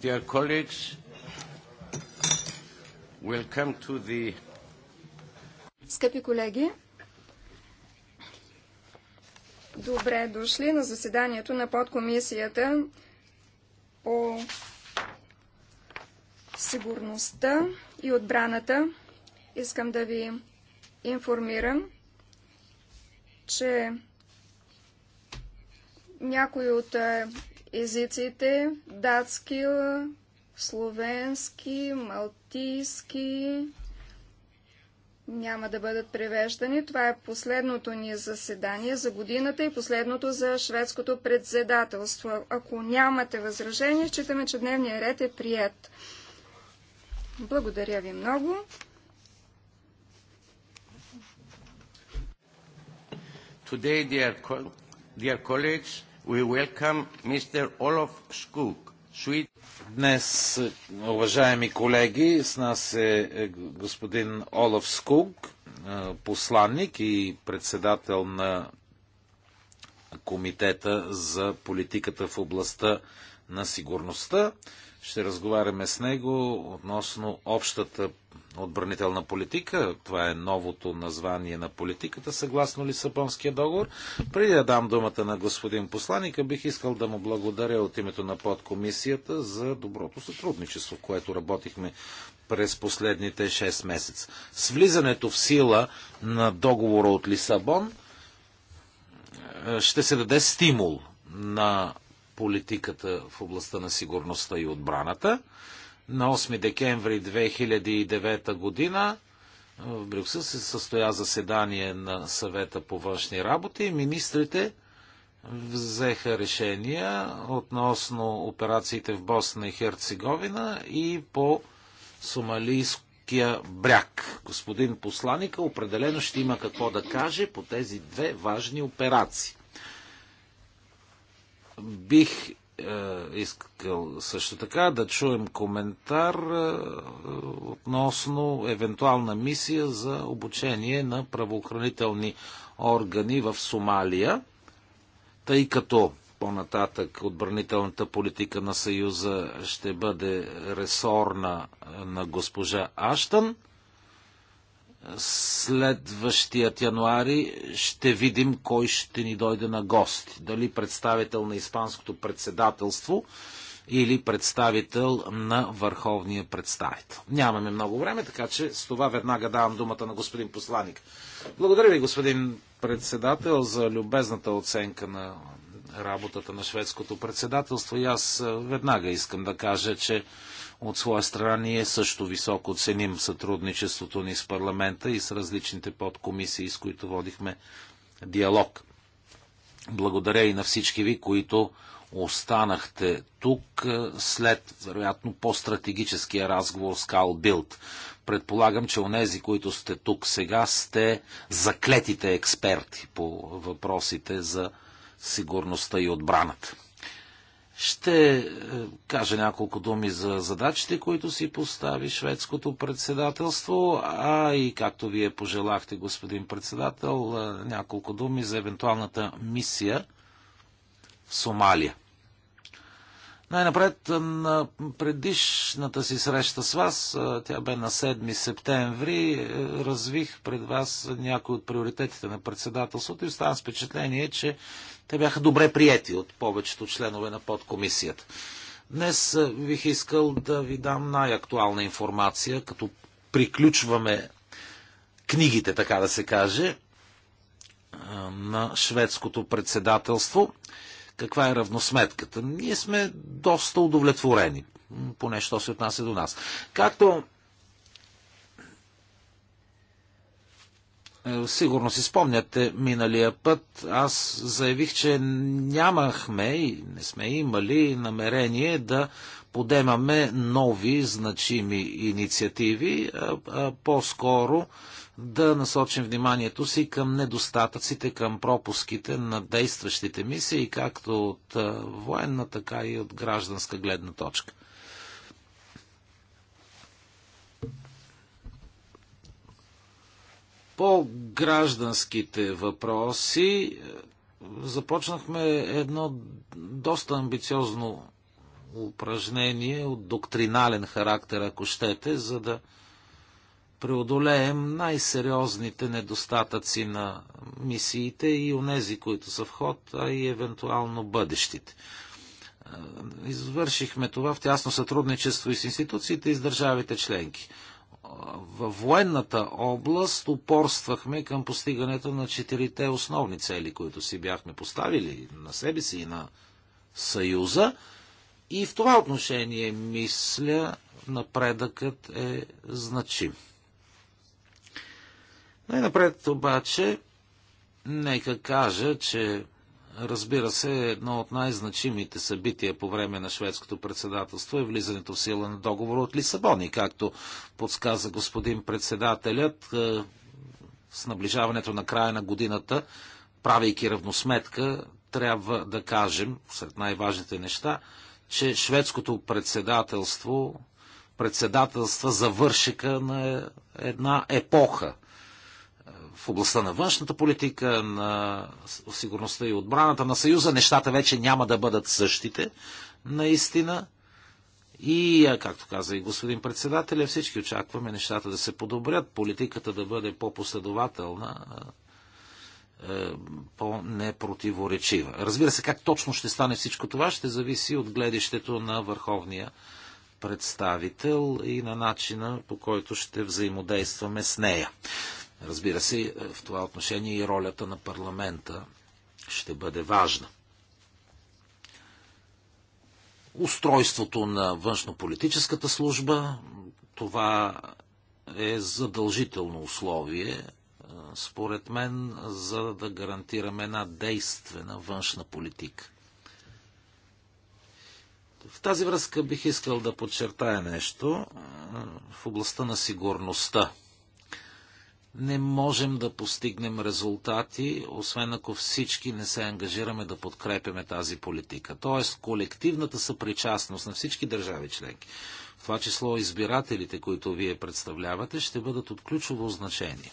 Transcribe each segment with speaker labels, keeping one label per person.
Speaker 1: Dear colleagues, welcome to the...
Speaker 2: Скъпи колеги, добре дошли на заседанието на подкомисията по сигурността и отбраната. Искам да ви информирам, че някои от е, езиците датски, словенски, малтийски няма да бъдат превеждани. Това е последното ни заседание за годината и последното за шведското председателство. Ако нямате възражение, считаме, че дневният ред е прият. Благодаря ви много.
Speaker 1: Today, dear, dear colleagues, we welcome Mr. Olaf Skog, Sweden. Днес, уважаеми колеги, с нас е, е господин Олаф Скуг, е, посланник и председател на Комитета за политиката в областта на сигурността. Ще разговаряме с него относно общата отбранителна политика. Това е новото название на политиката, съгласно Лисабонския договор. Преди да дам думата на господин посланика, бих искал да му благодаря от името на подкомисията за доброто сътрудничество, в което работихме през последните 6 месеца. С влизането в сила на договора от Лисабон е, ще се даде стимул на политиката в областта на сигурността и отбраната. На 8 декември 2009 година в Брюксел се състоя заседание на съвета по външни работи и министрите взеха решения относно операциите в Босна и Херцеговина и по сомалийския бряг. Господин посланика определено ще има какво да каже по тези две важни операции. Бих е, искал също така да чуем коментар е, относно евентуална мисия за обучение на правоохранителни органи в Сомалия, тъй като по-нататък отбранителната политика на Съюза ще бъде ресорна на госпожа Аштън следващият януари ще видим кой ще ни дойде на гости. Дали представител на Испанското председателство или представител на върховния представител. Нямаме много време, така че с това веднага давам думата на господин посланник. Благодаря ви, господин председател, за любезната оценка на работата на шведското председателство и аз е, веднага искам да кажа, че от своя страна ние също високо ценим сътрудничеството ни с парламента и с различните подкомисии, с които водихме диалог. Благодаря и на всички ви, които останахте тук е, след, вероятно, по-стратегическия разговор с Кал Билд. Предполагам, че онези, които сте тук сега, сте заклетите експерти по въпросите за сигурността и отбраната. Ще е, кажа няколко думи за задачите, които си постави шведското председателство, а и както вие пожелахте, господин председател, е, няколко думи за евентуалната мисия в Сомалия. Най-напред е, на предишната си среща с вас, е, тя бе на 7 септември, е, развих пред вас някои от приоритетите на председателството и оставам с впечатление, че те бяха добре прияти от повечето членове на подкомисията. Днес бих искал да ви дам най-актуална информация, като приключваме книгите, така да се каже, на шведското председателство – каква е равносметката? Ние сме доста удовлетворени, поне що се отнася до нас. Както Е, сигурно си спомняте миналия път, аз заявих, че нямахме и не сме имали намерение да подемаме нови значими инициативи, по-скоро да насочим вниманието си към недостатъците, към пропуските на действащите мисии, както от военна, така и от гражданска гледна точка. По гражданските въпроси е, започнахме едно доста амбициозно упражнение от доктринален характер, ако щете, за да преодолеем най-сериозните недостатъци на мисиите и онези, които са в ход, а и евентуално бъдещите. Е, извършихме това в тясно сътрудничество и с институциите и с държавите членки във военната област упорствахме към постигането на четирите основни цели, които си бяхме поставили на себе си и на Съюза. И в това отношение, мисля, напредъкът е значим. Най-напред обаче, нека кажа, че Разбира се, едно от най-значимите събития по време на шведското председателство е влизането в сила на договора от Лисабон. И както подсказа господин председателят, е, с наближаването на края на годината, правейки равносметка, трябва да кажем, сред най-важните неща, че шведското председателство председателства завършика на една епоха в областта на външната политика, на сигурността и отбраната на Съюза, нещата вече няма да бъдат същите, наистина. И, както каза и господин председателя, всички очакваме нещата да се подобрят, политиката да бъде по-последователна, е, по-непротиворечива. Разбира се, как точно ще стане всичко това, ще зависи от гледището на върховния представител и на начина по който ще взаимодействаме с нея. Разбира се, е, в това отношение и ролята на парламента ще бъде важна. Устройството на външнополитическата служба, това е задължително условие, е, според мен, за да гарантираме една действена външна политика. В тази връзка бих искал да подчертая нещо е, в областта на сигурността – не можем да постигнем резултати, освен ако всички не се ангажираме да подкрепяме тази политика. Тоест, колективната съпричастност на всички държави членки, в това число избирателите, които вие представлявате, ще бъдат от ключово значение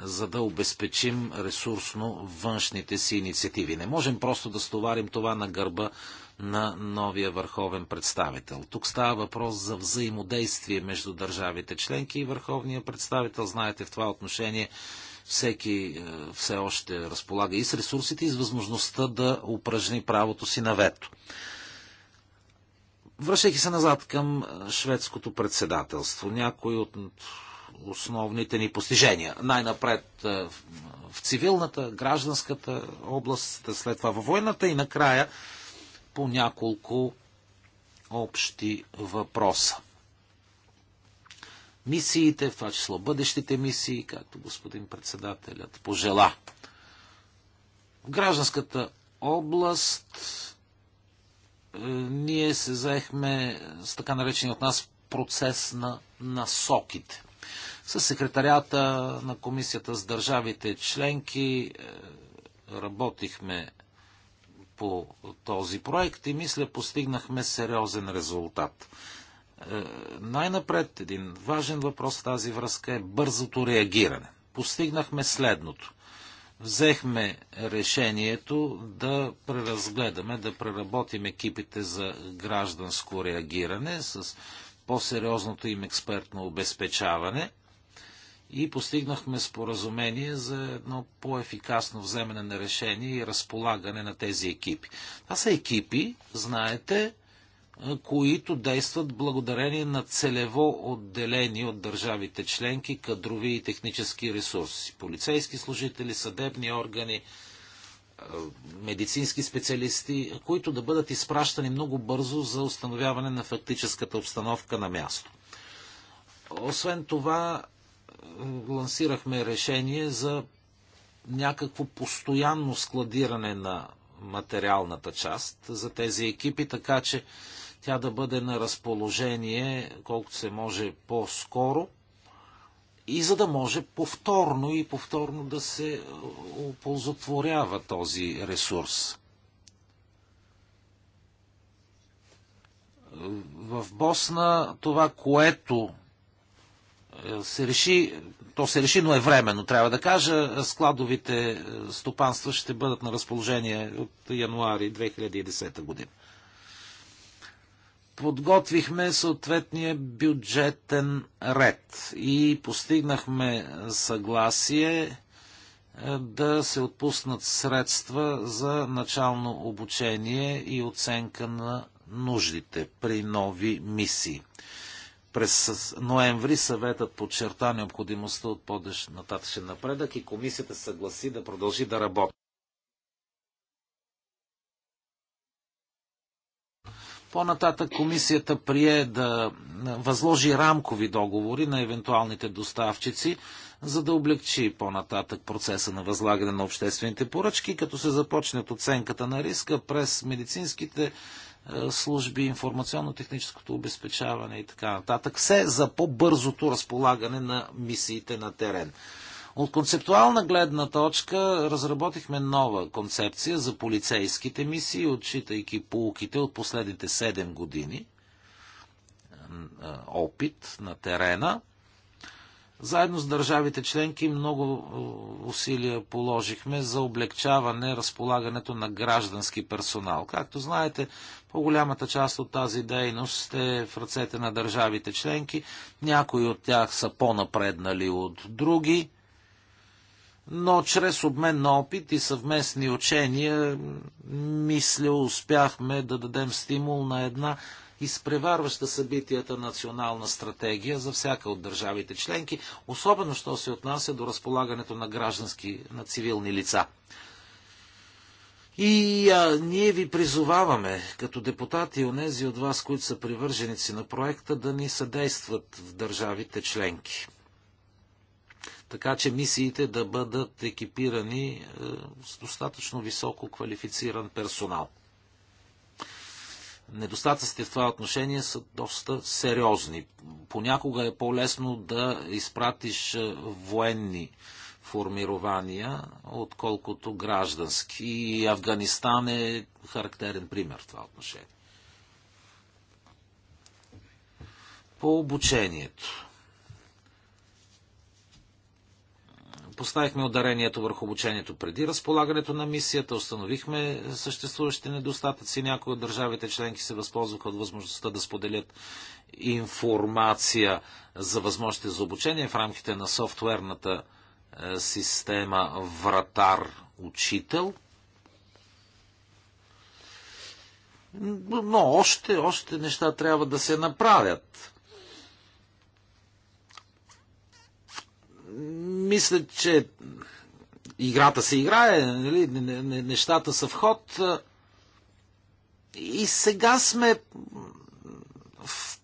Speaker 1: за да обезпечим ресурсно външните си инициативи. Не можем просто да стоварим това на гърба на новия върховен представител. Тук става въпрос за взаимодействие между държавите членки и върховния представител. Знаете, в това отношение всеки е, все още разполага и с ресурсите, и с възможността да упражни правото си на вето. Връщайки се назад към шведското председателство, някои от основните ни постижения. Най-напред е, в цивилната, гражданската област, след това във военната и накрая по няколко общи въпроса. Мисиите, в това число бъдещите мисии, както господин председателят пожела. В гражданската област е, ние се заехме с така наречения от нас процес на насоките с секретарята на комисията с държавите членки е, работихме по този проект и мисля постигнахме сериозен резултат. Е, най-напред един важен въпрос в тази връзка е бързото реагиране. Постигнахме следното. Взехме решението да преразгледаме, да преработим екипите за гражданско реагиране с по-сериозното им експертно обезпечаване – и постигнахме споразумение за едно по-ефикасно вземане на решение и разполагане на тези екипи. Това са екипи, знаете, които действат благодарение на целево отделени от държавите членки кадрови и технически ресурси. Полицейски служители, съдебни органи, медицински специалисти, които да бъдат изпращани много бързо за установяване на фактическата обстановка на място. Освен това, лансирахме решение за някакво постоянно складиране на материалната част за тези екипи, така че тя да бъде на разположение колкото се може по-скоро и за да може повторно и повторно да се оползотворява този ресурс. В Босна това, което се реши, то се реши, но е временно, трябва да кажа. Складовите е, стопанства ще бъдат на разположение от януари 2010 година. Подготвихме съответния бюджетен ред и постигнахме съгласие е, да се отпуснат средства за начално обучение и оценка на нуждите при нови мисии. През ноември съветът подчерта необходимостта от по-нататъчен напредък и комисията съгласи да продължи да работи. По-нататък комисията прие да възложи рамкови договори на евентуалните доставчици, за да облегчи по-нататък процеса на възлагане на обществените поръчки, като се започне от оценката на риска през медицинските е, служби, информационно-техническото обезпечаване и така нататък. Все за по-бързото разполагане на мисиите на терен. От концептуална гледна точка разработихме нова концепция за полицейските мисии, отчитайки полуките от последните 7 години е, опит на терена – заедно с държавите членки много е, усилия положихме за облегчаване разполагането на граждански персонал. Както знаете, по-голямата част от тази дейност е в ръцете на държавите членки. Някои от тях са по-напреднали от други, но чрез обмен на опит и съвместни учения, мисля, успяхме да дадем стимул на една изпреварваща събитията национална стратегия за всяка от държавите членки, особено що се отнася до разполагането на граждански, на цивилни лица. И а, ние ви призоваваме, като депутати и онези от вас, които са привърженици на проекта, да ни съдействат в държавите членки. Така че мисиите да бъдат екипирани е, с достатъчно високо квалифициран персонал недостатъците в това отношение са доста сериозни. Понякога е по-лесно да изпратиш е, военни формирования, отколкото граждански. И Афганистан е характерен пример в това отношение. По обучението. Поставихме ударението върху обучението преди разполагането на мисията, установихме съществуващи недостатъци. Някои от държавите членки се възползваха от възможността да споделят информация за възможности за обучение в рамките на софтуерната е, система Вратар-Учител. Но още, още неща трябва да се направят. мисля, че играта се играе, нали? нещата са в ход. И сега сме в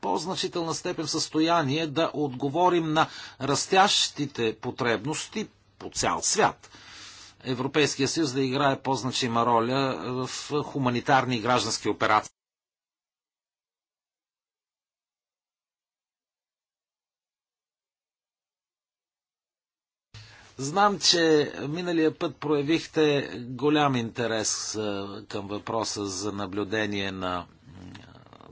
Speaker 1: по-значителна степен в състояние да отговорим на растящите потребности по цял свят. Европейския съюз да играе по-значима роля в хуманитарни и граждански операции. Знам, че миналия път проявихте голям интерес към въпроса за наблюдение на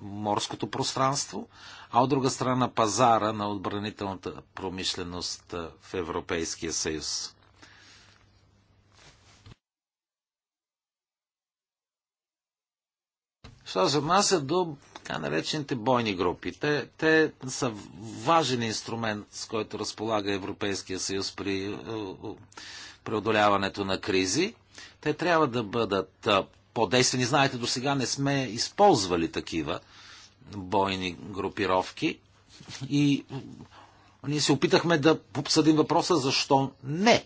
Speaker 1: морското пространство, а от друга страна пазара на отбранителната промишленост в Европейския съюз. Що се отнася до така наречените бойни групи. Те, те са важен инструмент, с който разполага Европейския съюз при е, е, преодоляването на кризи. Те трябва да бъдат е, по-действени. Знаете, до сега не сме използвали такива бойни групировки. И ние се опитахме да обсъдим въпроса защо не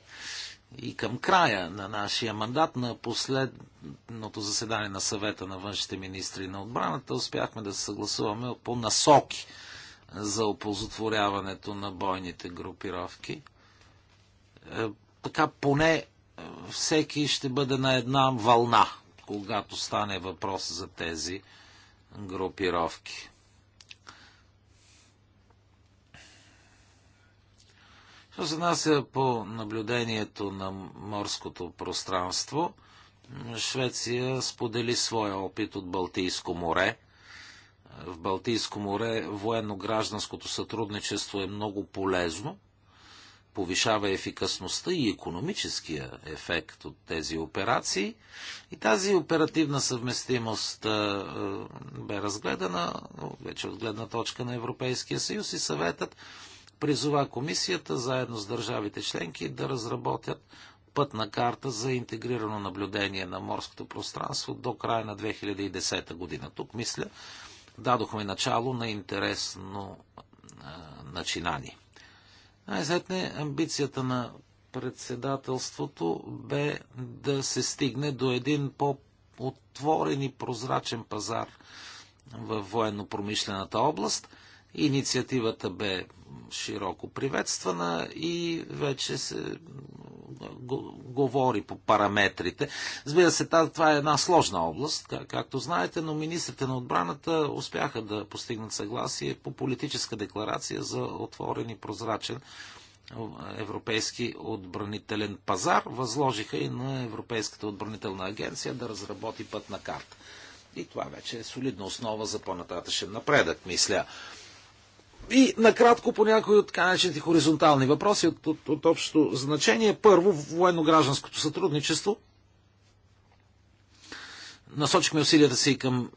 Speaker 1: и към края на нашия мандат, на последното заседание на съвета на външните министри на отбраната, успяхме да се съгласуваме по насоки за опозотворяването на бойните групировки. Е, така поне е, всеки ще бъде на една вълна, когато стане въпрос за тези групировки. Що нас е по наблюдението на морското пространство, Швеция сподели своя опит от Балтийско море. В Балтийско море военно-гражданското сътрудничество е много полезно, повишава ефикасността и економическия ефект от тези операции. И тази оперативна съвместимост бе разгледана вече от гледна точка на Европейския съюз и съветът призова комисията заедно с държавите членки да разработят пътна карта за интегрирано наблюдение на морското пространство до края на 2010 година. Тук, мисля, дадохме начало на интересно а, начинание. Най-сетне амбицията на председателството бе да се стигне до един по-отворен и прозрачен пазар в военно-промишлената област – Инициативата бе широко приветствана и вече се говори по параметрите. Разбира се, това е една сложна област, както знаете, но министрите на отбраната успяха да постигнат съгласие по политическа декларация за отворен и прозрачен европейски отбранителен пазар. Възложиха и на Европейската отбранителна агенция да разработи пътна карта. И това вече е солидна основа за по-нататъчен напредък, мисля. И накратко по някои от така хоризонтални въпроси от, от, от общото значение. Първо, военно-гражданското сътрудничество. Насочихме усилията си към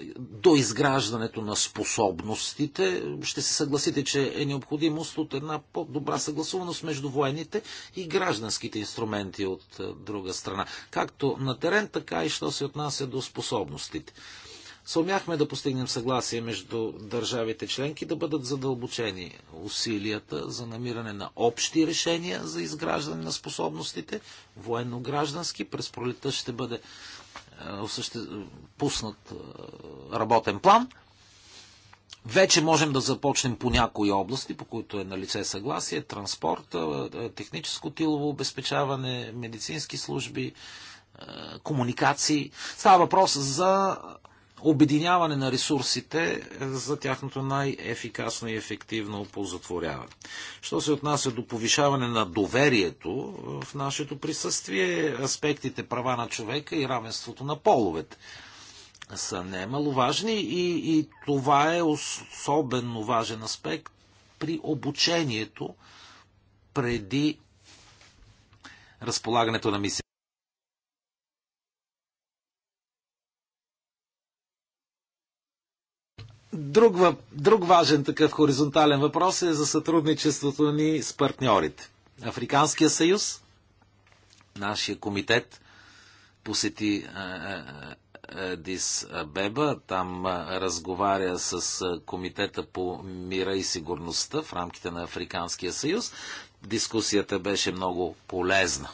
Speaker 1: е, доизграждането на способностите. Ще се съгласите, че е необходимост от една по-добра съгласуваност между военните и гражданските инструменти от е, друга страна. Както на терен, така и що се отнася до способностите. Съумяхме да постигнем съгласие между държавите членки да бъдат задълбочени усилията за намиране на общи решения за изграждане на способностите, военно-граждански. През пролета ще бъде е, пуснат е, работен план. Вече можем да започнем по някои области, по които е на лице съгласие, транспорт, е, техническо тилово обезпечаване, медицински служби, комуникации. Става въпрос за обединяване на ресурсите за тяхното най-ефикасно и ефективно оползотворяване. Що се отнася до повишаване на доверието в нашето присъствие, аспектите права на човека и равенството на половете са немаловажни и, и това е особено важен аспект при обучението преди разполагането на мисия. Друг, друг важен такъв хоризонтален въпрос е за сътрудничеството ни с партньорите. Африканския съюз, нашия комитет, посети е, е, е, Дис Беба. Там разговаря с Комитета по мира и сигурността в рамките на Африканския съюз. Дискусията беше много полезна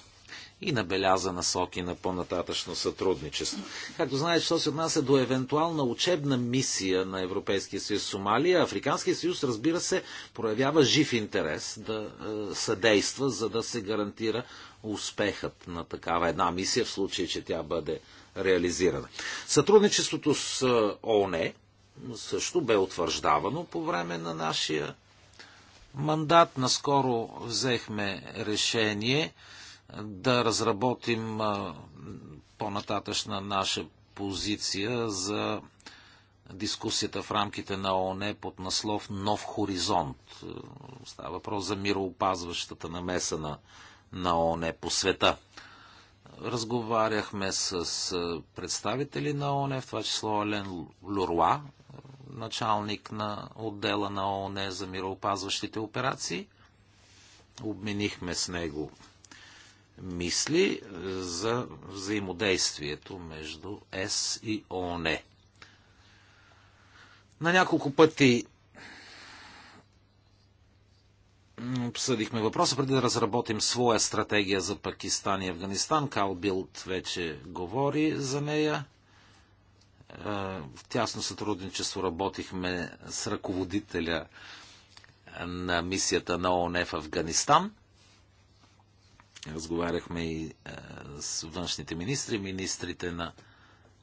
Speaker 1: и набеляза насоки на по-нататъчно сътрудничество. Както знаете, що се отнася до евентуална учебна мисия на Европейския съюз в Сомалия, Африканския съюз, разбира се, проявява жив интерес да е, съдейства, за да се гарантира успехът на такава една мисия, в случай, че тя бъде реализирана. Сътрудничеството с е, ООН също бе утвърждавано по време на нашия мандат. Наскоро взехме решение да разработим по-нататъчна наша позиция за дискусията в рамките на ООН под наслов Нов хоризонт. Става въпрос за мироопазващата намеса на, на ООН по света. Разговаряхме с представители на ООН, в това число Елен Луруа, началник на отдела на ООН за мироопазващите операции. Обменихме с него мисли е, за взаимодействието между ЕС и ООН. Е. На няколко пъти обсъдихме въпроса, преди да разработим своя стратегия за Пакистан и Афганистан. Кал Билт вече говори за нея. Е, в тясно сътрудничество работихме с ръководителя на мисията на ООН в Афганистан. Разговаряхме и с външните министри, министрите на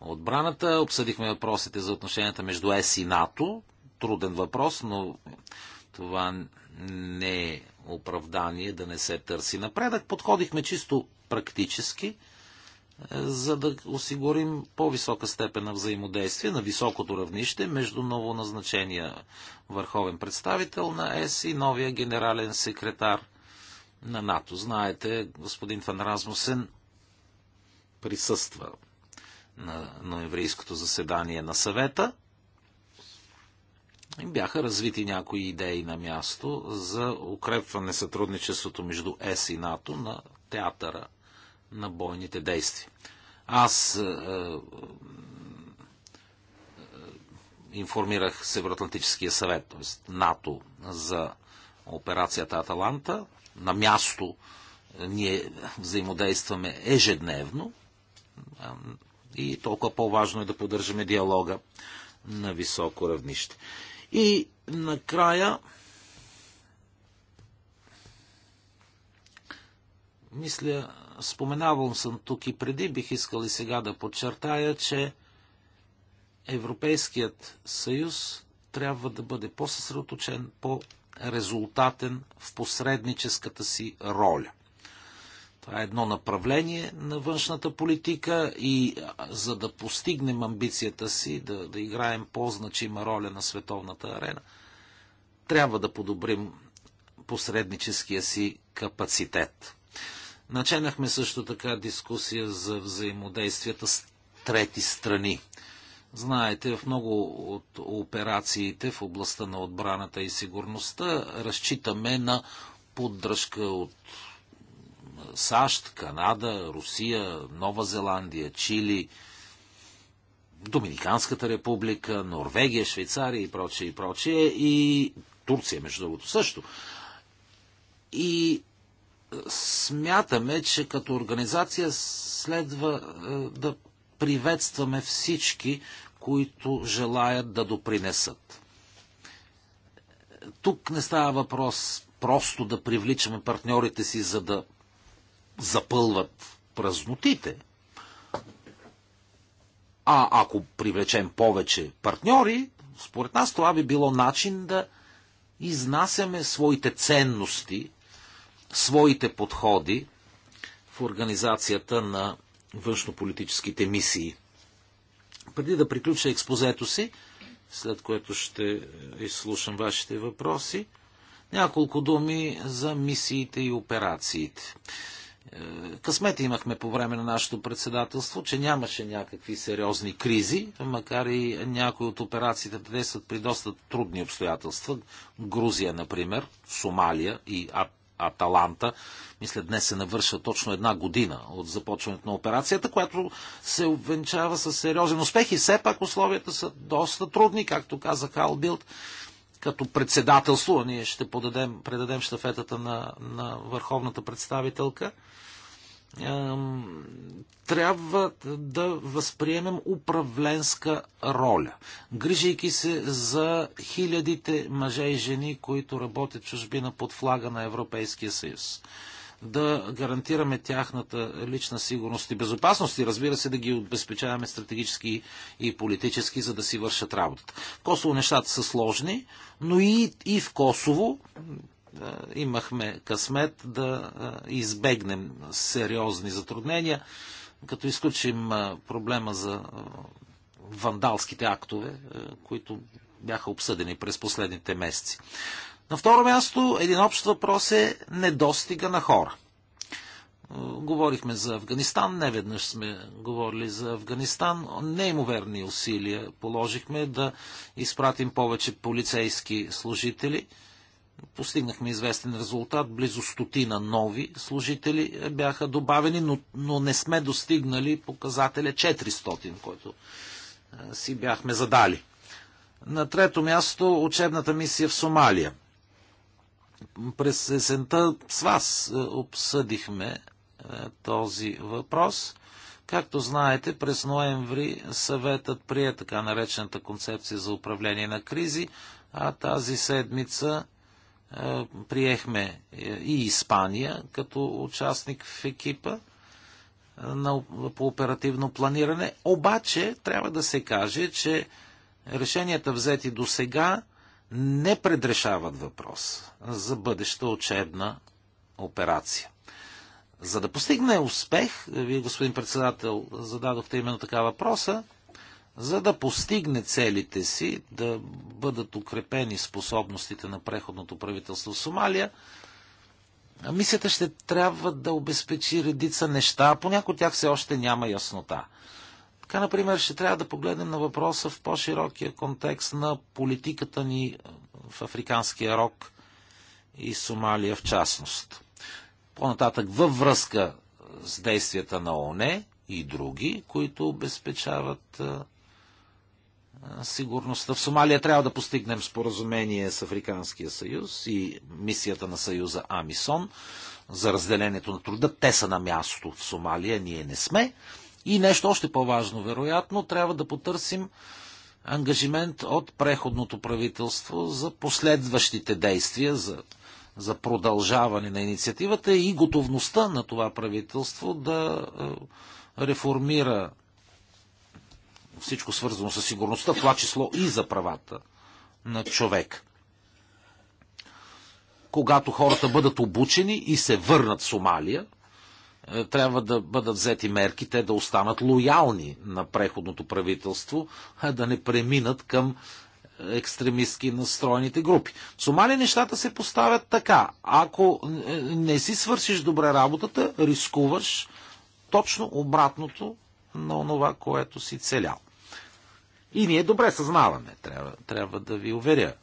Speaker 1: отбраната. Обсъдихме въпросите за отношенията между ЕС и НАТО. Труден въпрос, но това не е оправдание да не се търси напредък. Подходихме чисто практически, за да осигурим по-висока степен на взаимодействие на високото равнище между новоназначения върховен представител на ЕС и новия генерален секретар на НАТО. Знаете, господин Фан Размусен присъства на ноеврийското заседание на съвета. и Бяха развити някои идеи на място за укрепване сътрудничеството между ЕС и НАТО на театъра на бойните действия. Аз е, е, е информирах Североатлантическия съвет, т.е. НАТО, за операцията Аталанта на място е, ние взаимодействаме ежедневно и толкова по-важно е да поддържаме диалога на високо равнище. И накрая мисля, споменавал съм тук и преди, бих искал и сега да подчертая, че Европейският съюз трябва да бъде по-съсредоточен, по резултатен в посредническата си роля. Това е едно направление на външната политика и за да постигнем амбицията си да, да играем по-значима роля на световната арена, трябва да подобрим посредническия си капацитет. Начинахме също така дискусия за взаимодействията с трети страни. Знаете, в много от операциите в областта на отбраната и сигурността разчитаме на поддръжка от САЩ, Канада, Русия, Нова Зеландия, Чили, Доминиканската република, Норвегия, Швейцария и прочее, и прочее, и Турция, между другото, също. И смятаме, че като организация следва е, да приветстваме всички, които желаят да допринесат. Тук не става въпрос просто да привличаме партньорите си, за да запълват празнотите. А ако привлечем повече партньори, според нас това би било начин да изнасяме своите ценности, своите подходи в организацията на външнополитическите мисии. Преди да приключа експозето си, след което ще е, изслушам вашите въпроси, няколко думи за мисиите и операциите. Е, късмет имахме по време на нашето председателство, че нямаше някакви сериозни кризи, макар и някои от операциите да действат при доста трудни обстоятелства. Грузия, например, Сомалия и Аталанта. Мисля, днес се навършва точно една година от започването на операцията, която се обвенчава с сериозен успех и все пак условията са доста трудни, както каза Хал Билд. Като председателство ние ще подадем, предадем штафетата на, на върховната представителка трябва да възприемем управленска роля, грижайки се за хилядите мъже и жени, които работят чужбина под флага на Европейския съюз. Да гарантираме тяхната лична сигурност и безопасност и разбира се да ги обезпечаваме стратегически и политически, за да си вършат работата. В Косово нещата са сложни, но и, и в Косово, е, имахме късмет да е, избегнем сериозни затруднения, като изключим е, проблема за вандалските актове, които бяха обсъдени през последните месеци. На второ място, един общ въпрос е недостига на хора. Говорихме за Афганистан, не веднъж сме говорили за Афганистан. Неимоверни усилия положихме да изпратим повече полицейски служители – постигнахме известен резултат. Близо стотина нови служители е, бяха добавени, но, но не сме достигнали показателя 400, който е, си бяхме задали. На трето място учебната мисия в Сомалия. През есента с вас е, обсъдихме този въпрос. Както знаете, през ноември съветът прие така наречената концепция за управление на кризи, а тази седмица приехме е, и Испания като участник в екипа е, на, по оперативно планиране. Обаче трябва да се каже, че решенията взети до сега не предрешават въпрос за бъдеща учебна операция. За да постигне успех, вие, господин председател, зададохте именно така въпроса, за да постигне целите си, да бъдат укрепени способностите на преходното правителство в Сомалия, мисията ще трябва да обезпечи редица неща, а някои тях все още няма яснота. Така, например, ще трябва да погледнем на въпроса в по-широкия контекст на политиката ни в Африканския рок и Сомалия в частност. По-нататък, във връзка с действията на ОНЕ и други, които обезпечават сигурността в Сомалия трябва да постигнем споразумение с Африканския съюз и мисията на съюза Амисон за разделението на труда. Те са на място в Сомалия, ние не сме. И нещо още по-важно, вероятно, трябва да потърсим ангажимент от преходното правителство за последващите действия, за, за продължаване на инициативата и готовността на това правителство да реформира всичко свързано с сигурността, това число и за правата на човек. Когато хората бъдат обучени и се върнат в Сомалия, е, трябва да бъдат взети мерки, те да останат лоялни на преходното правителство, а да не преминат към е, екстремистски настроените групи. В Сомали нещата се поставят така. Ако е, не си свършиш добре работата, рискуваш точно обратното на онова, което си целял. И ние добре съзнаваме, трябва, трябва да ви уверя,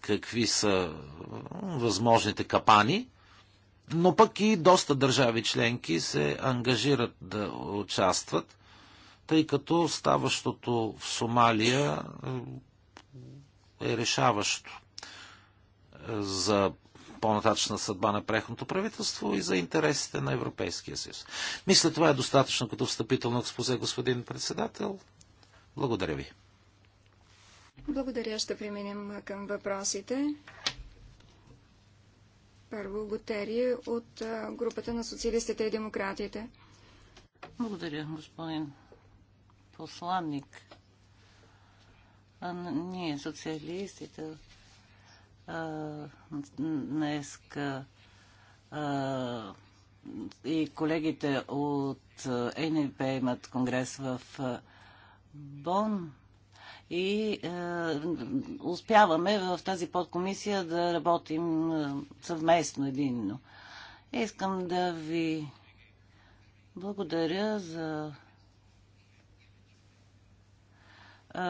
Speaker 1: какви са възможните капани, но пък и доста държави членки се ангажират да участват, тъй като ставащото в Сомалия е решаващо е, за по-нататъчна съдба на преходното правителство и за интересите на Европейския съюз. Мисля, това е достатъчно като встъпително експозе, господин председател. Благодаря ви.
Speaker 2: Благодаря. Ще преминем към въпросите. Първо Готери от групата на социалистите и демократите.
Speaker 3: Благодаря, господин посланник. А, ние, социалистите, днес и колегите от ЕНП имат конгрес в а, Бон и е, успяваме в тази подкомисия да работим е, съвместно, единно. Искам да ви благодаря за е,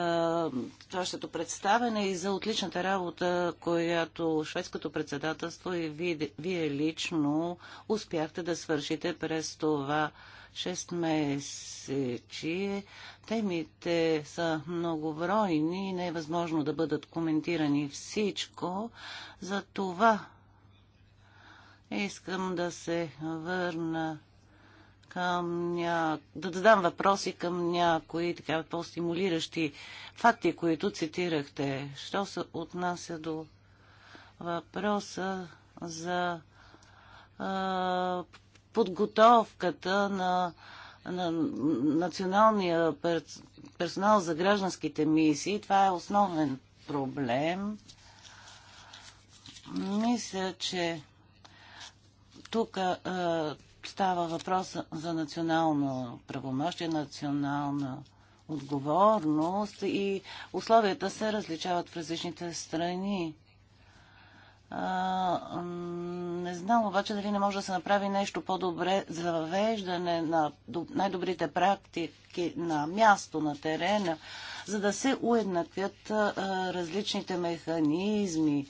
Speaker 3: вашето представене и за отличната работа, която шведското председателство и вие, вие лично успяхте да свършите през това 6 месечи. Е. Темите са многобройни и не е възможно да бъдат коментирани всичко. За това искам да се върна към ня... да задам въпроси към някои така по-стимулиращи факти, които цитирахте. Що се отнася до въпроса за а, подготовката на, на националния персонал за гражданските мисии. Това е основен проблем. Мисля, че тук е, става въпрос за национално правомощие, национална отговорност и условията се различават в различните страни. А, не знам обаче дали не може да се направи нещо по-добре за въвеждане на най-добрите практики на място, на терена, за да се уеднаквят а, различните механизми,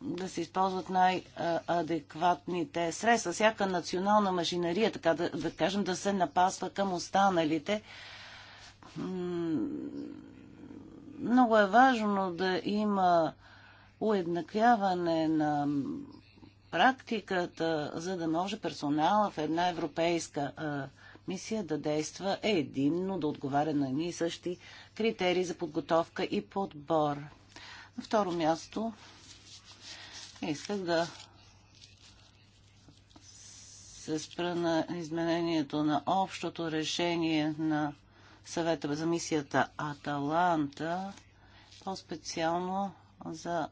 Speaker 3: да се използват най-адекватните средства. Всяка национална машинария, така да, да кажем, да се напасва към останалите много е важно да има уеднаквяване на практиката, за да може персонала в една европейска а, мисия да действа единно, да отговаря на едни и същи критерии за подготовка и подбор. На второ място исках да се спра на изменението на общото решение на съвета за мисията Аталанта, по-специално за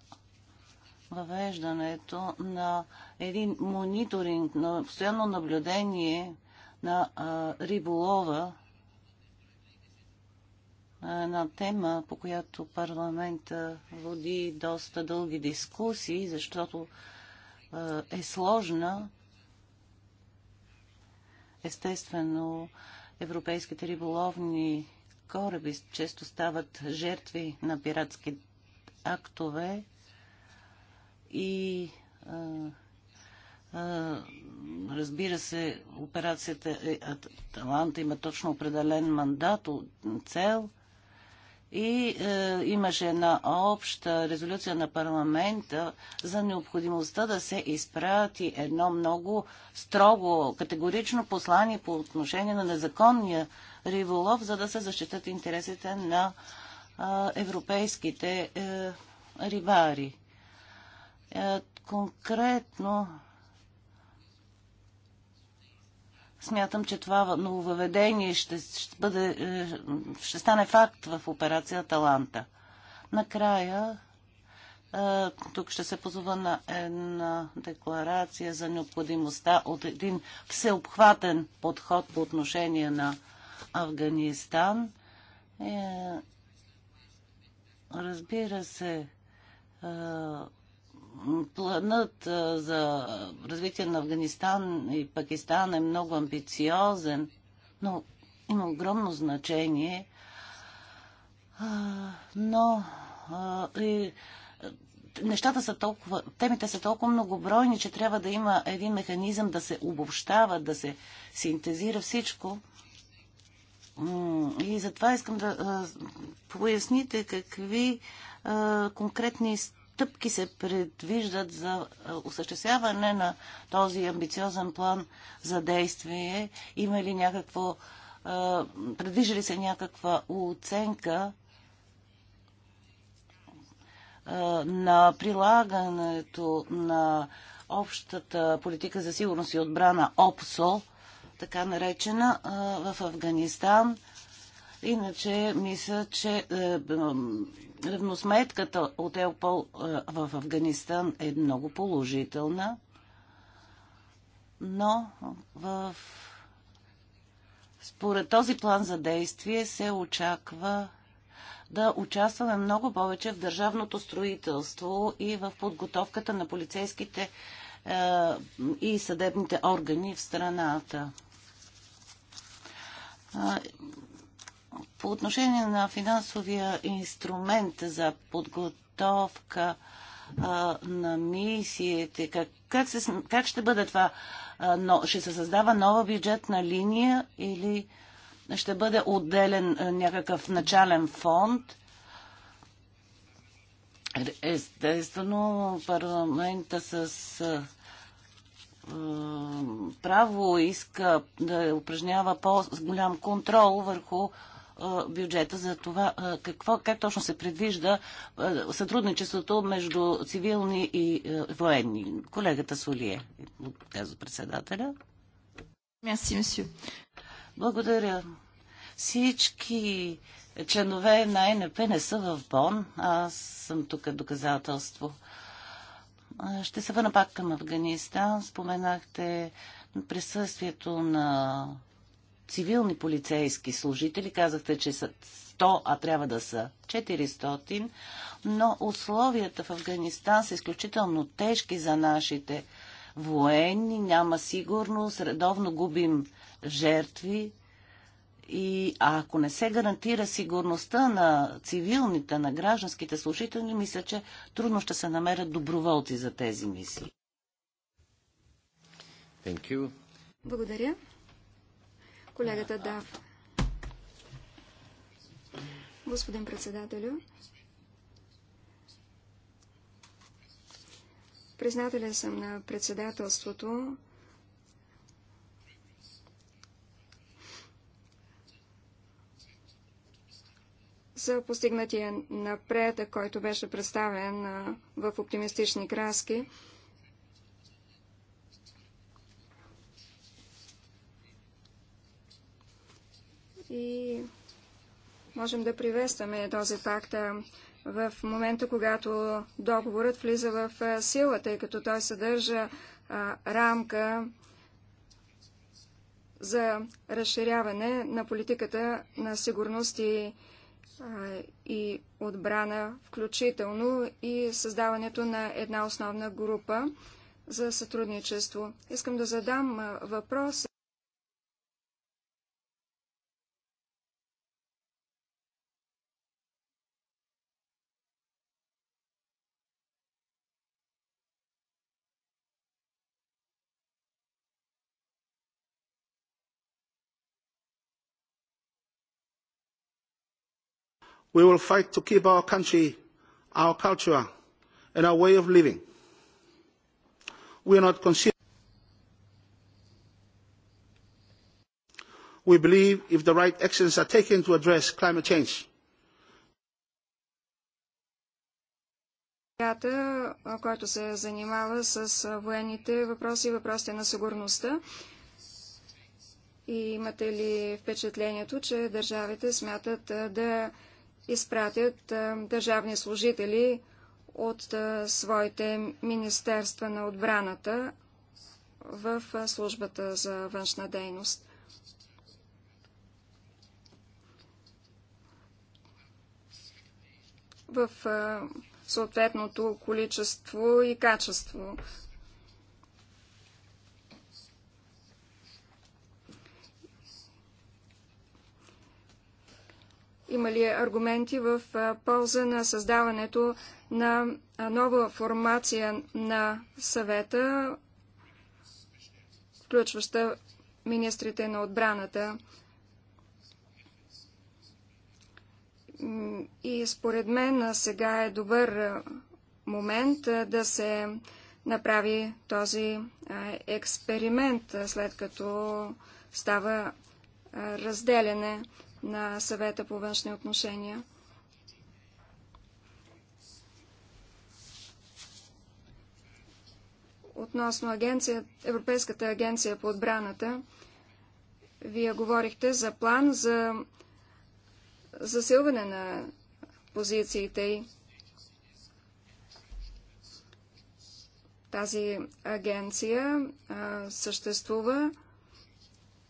Speaker 3: въвеждането на един мониторинг, на постоянно наблюдение на а, риболова, една тема, по която парламента води доста дълги дискусии, защото е сложна. Естествено, Европейските риболовни кораби често стават жертви на пиратски актове и а, а, разбира се, операцията е, Аталанта има точно определен мандат, цел – и е, имаше една обща резолюция на парламента за необходимостта да се изпрати едно много строго, категорично послание по отношение на незаконния риволов, за да се защитат интересите на е, европейските е, рибари. Е, конкретно Смятам, че това нововъведение ще, ще, бъде, е, ще стане факт в операция Таланта. Накрая, е, тук ще се позова на една декларация за необходимостта от един всеобхватен подход по отношение на Афганистан. Е, разбира се, планът за развитие на Афганистан и Пакистан е много амбициозен, но има огромно значение. Но и нещата са толкова, темите са толкова многобройни, че трябва да има един механизъм да се обобщава, да се синтезира всичко. И затова искам да поясните какви конкретни стъпки се предвиждат за осъществяване на този амбициозен план за действие? Има ли някакво, предвижда ли се някаква оценка на прилагането на общата политика за сигурност и отбрана ОПСО, така наречена, в Афганистан? Иначе мисля, че е, Равносметката от Елпол е, в Афганистан е много положителна, но в... според този план за действие се очаква да участваме много повече в държавното строителство и в подготовката на полицейските е, и съдебните органи в страната. По отношение на финансовия инструмент за подготовка а, на мисиите, как, как, се, как ще бъде това? А, но, ще се създава нова бюджетна линия или ще бъде отделен а, някакъв начален фонд? Естествено, парламента с право иска да упражнява по-голям контрол върху бюджета за това какво, как точно се предвижда сътрудничеството между цивилни и военни. Колегата Солие, казва председателя. Мерси, месю. Благодаря. Всички членове на НП не са в Бон. Аз съм тук доказателство. Ще се върна пак към Афганистан. Споменахте присъствието на цивилни полицейски служители. Казахте, че са 100, а трябва да са 400, но условията в Афганистан са изключително тежки за нашите военни, няма сигурност, редовно губим жертви. И ако не се гарантира сигурността на цивилните, на гражданските служители, мисля, че трудно ще се намерят доброволци за тези мисии. Благодаря. Колегата Дав.
Speaker 2: Господин председателю, признателен съм на председателството, за постигнатия напред, който беше представен в оптимистични краски. и можем да приветстваме този факт в момента, когато договорът влиза в сила, тъй като той съдържа рамка за разширяване на политиката на сигурност и, и отбрана, включително и създаването на една основна група за сътрудничество. Искам да задам въпрос.
Speaker 1: we will fight to keep our country, our culture, and our way of living. We are not We believe if the right actions are taken to address climate change.
Speaker 2: който се занимава с военните въпроси и въпросите на сигурността. И имате ли впечатлението, че държавите смятат да изпратят държавни служители от своите министерства на отбраната в службата за външна дейност. В съответното количество и качество Има ли аргументи в полза на създаването на нова формация на съвета, включваща министрите на отбраната? И според мен сега е добър момент да се направи този експеримент, след като става разделене на съвета по външни отношения. Относно агенция, Европейската агенция по отбраната, вие говорихте за план за засилване на позициите й. Тази агенция а, съществува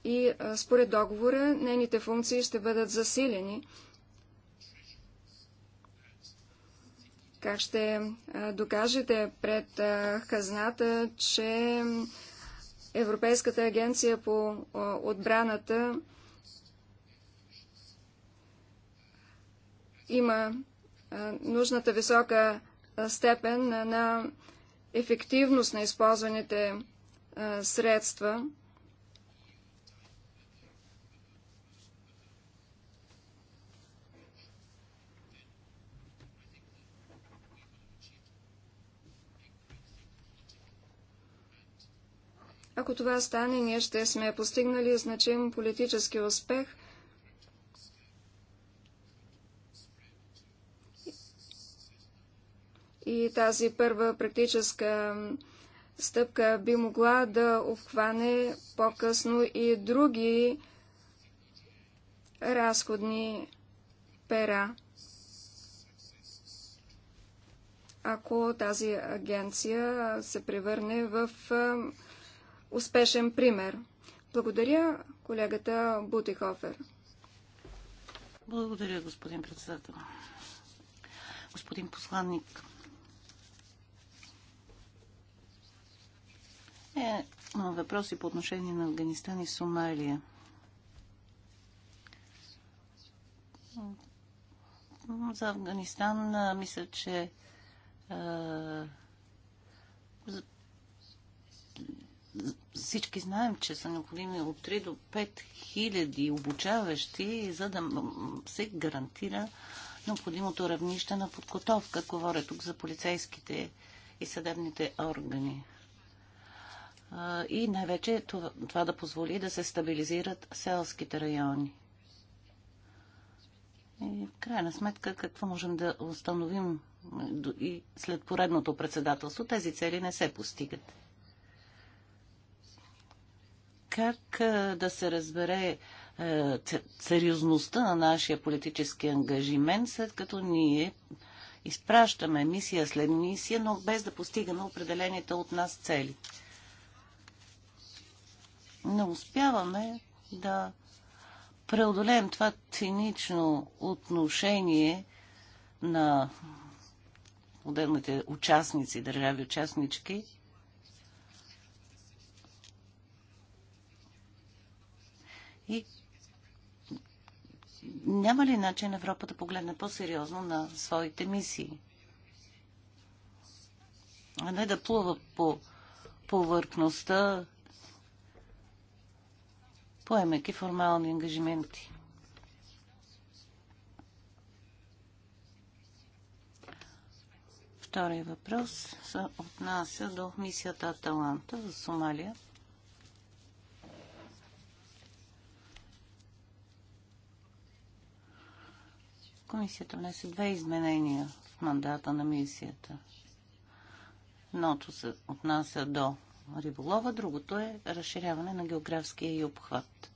Speaker 2: и според договора нейните функции ще бъдат засилени. Как ще докажете пред хазната, че Европейската агенция по отбраната има нужната висока степен на ефективност на използваните средства? Ако това стане, ние ще сме постигнали значим политически успех и тази първа практическа стъпка би могла да обхване по-късно и други разходни пера. Ако тази агенция се превърне в успешен пример. Благодаря колегата Бутихофер.
Speaker 3: Благодаря, господин председател. Господин посланник, е, въпроси по отношение на Афганистан и Сомалия. За Афганистан мисля, че всички знаем, че са необходими от 3 до 5 хиляди обучаващи, за да се гарантира необходимото равнище на подготовка. Говоря тук за полицейските и съдебните органи. И най-вече това, това да позволи да се стабилизират селските райони. И в крайна сметка, какво можем да установим и след поредното председателство? Тези цели не се постигат. Как да се разбере сериозността на нашия политически ангажимент, след като ние изпращаме мисия след мисия, но без да постигаме определените от нас цели? Не успяваме да преодолеем това цинично отношение на отделните участници, държави участнички – И няма ли начин Европа да погледне по-сериозно на своите мисии? А не да плува по повърхността, поемайки формални ангажименти. Втория въпрос се отнася до мисията Аталанта за Сомалия. Комисията внесе две изменения в мандата на мисията. Едното се отнася до риболова, другото е разширяване на географския и обхват.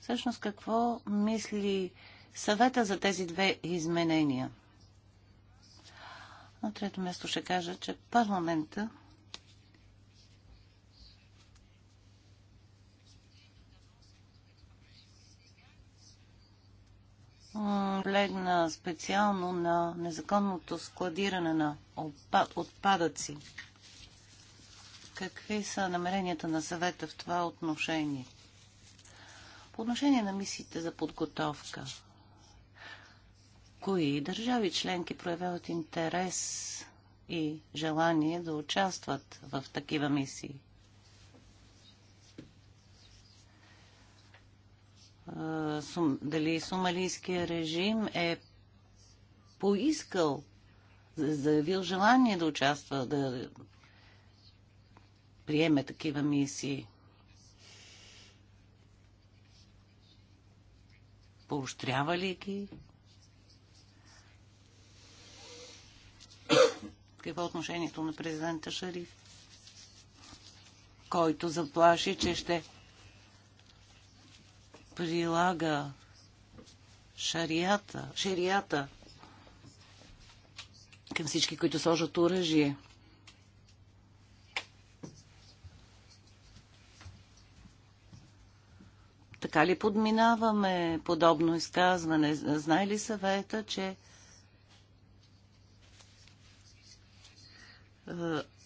Speaker 3: Всъщност какво мисли съвета за тези две изменения? На трето място ще кажа, че парламента наблегна специално на незаконното складиране на отпадъци. Какви са намеренията на съвета в това отношение? По отношение на мисиите за подготовка, кои държави членки проявяват интерес и желание да участват в такива мисии? сум, дали сумалийския режим е поискал, заявил желание да участва, да приеме такива мисии. Поощрява ли ги? Какво е отношението на президента Шариф, който заплаши, че ще прилага шарията, шарията към всички, които сложат оръжие. Така ли подминаваме подобно изказване? Знае ли съвета, че е,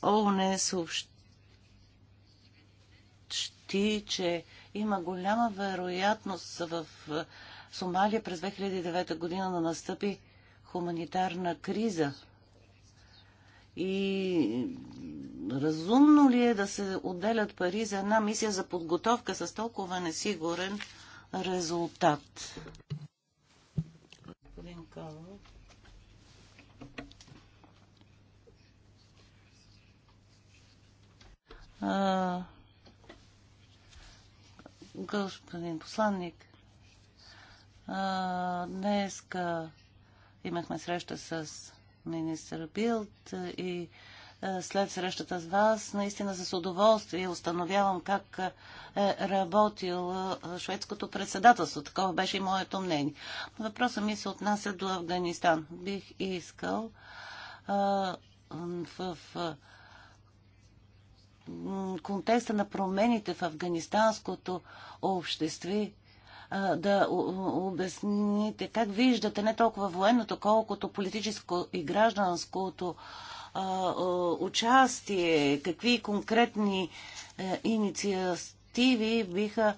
Speaker 3: ООН е съобщи, че има голяма вероятност в е, Сомалия през 2009 година да настъпи хуманитарна криза. И разумно ли е да се отделят пари за една мисия за подготовка с толкова несигурен резултат? А, Господин посланник, днес имахме среща с министър Билт и след срещата с вас, наистина с удоволствие установявам как е работил шведското председателство. Такова беше и моето мнение. Въпросът ми се отнася до Афганистан. Бих искал в, в, в контекста на промените в афганистанското общество да обясните как виждате не толкова военното, колкото политическо и гражданското участие, какви конкретни е, инициативи биха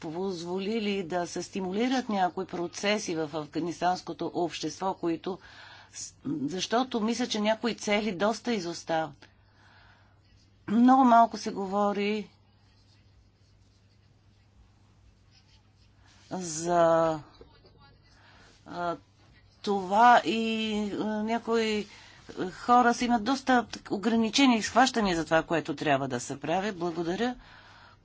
Speaker 3: позволили да се стимулират някои процеси в афганистанското общество, които защото мисля, че някои цели доста изостават. Много малко се говори за а, това и а, някои хора си имат доста ограничени изхващания за това, което трябва да се прави. Благодаря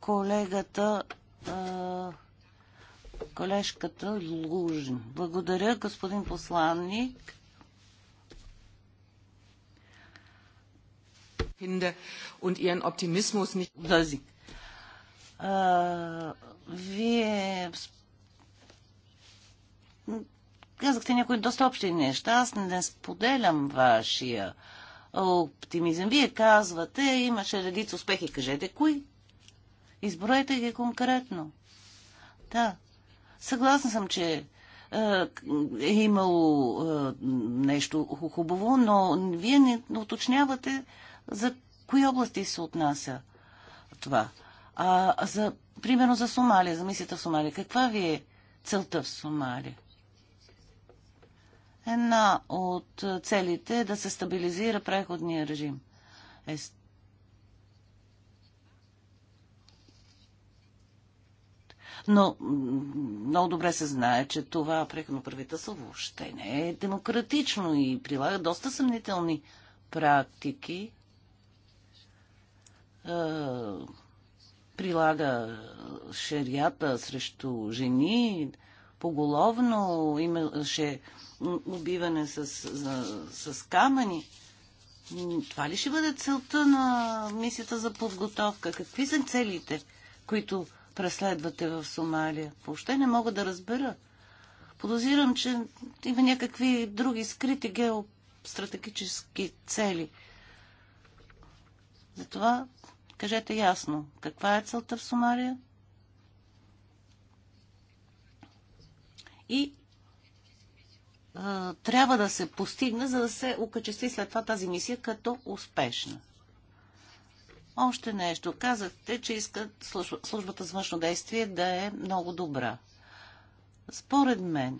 Speaker 3: колегата, а, колежката Лужин. Благодаря, господин посланник. finde und ihren Optimismus nicht. А, ah, вие казахте някои доста общи неща. Аз не споделям вашия оптимизъм. Вие казвате, имаше редица успехи. Кажете кои? Изброете ги конкретно. Да. Съгласна съм, че е имало е, нещо хубаво, но вие не уточнявате за кои области се отнася това. А за, примерно за Сомалия, за мисията в Сомалия. Каква ви е целта в Сомалия? Една от целите е да се стабилизира преходния режим. Е... Но много добре се знае, че това преходно правителство въобще не е демократично и прилага доста съмнителни практики прилага шарията срещу жени, поголовно имаше убиване с, с, с камъни. Това ли ще бъде целта на мисията за подготовка? Какви са целите, които преследвате в Сомалия? Въобще не мога да разбера. Подозирам, че има някакви други скрити геостратегически цели. Затова Кажете ясно, каква е целта в Сомалия? И а, трябва да се постигне, за да се окачести след това тази мисия като успешна. Още нещо. Казахте, че искат службата за външно действие да е много добра. Според мен,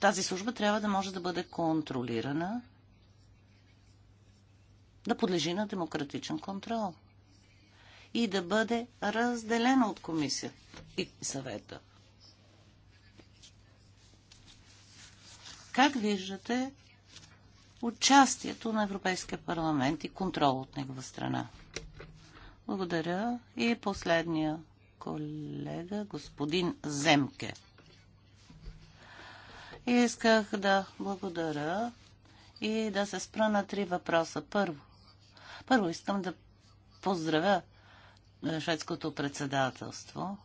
Speaker 3: тази служба трябва да може да бъде контролирана да подлежи на демократичен контрол и да бъде разделено от комисията и съвета. Как виждате участието на Европейския парламент и контрол от негова страна? Благодаря. И последния колега, господин Земке. И исках да благодаря и да се спра на три въпроса. Първо, първо искам да поздравя е, шведското председателство.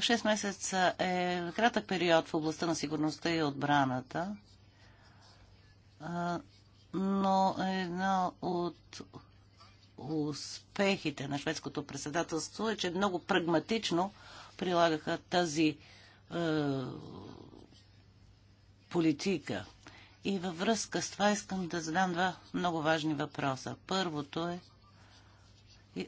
Speaker 3: Шест месеца е кратък период в областта на сигурността и отбраната, но една от успехите на шведското председателство е, че много прагматично прилагаха тази е, политика. И във връзка с това искам да задам два много важни въпроса. Първото е,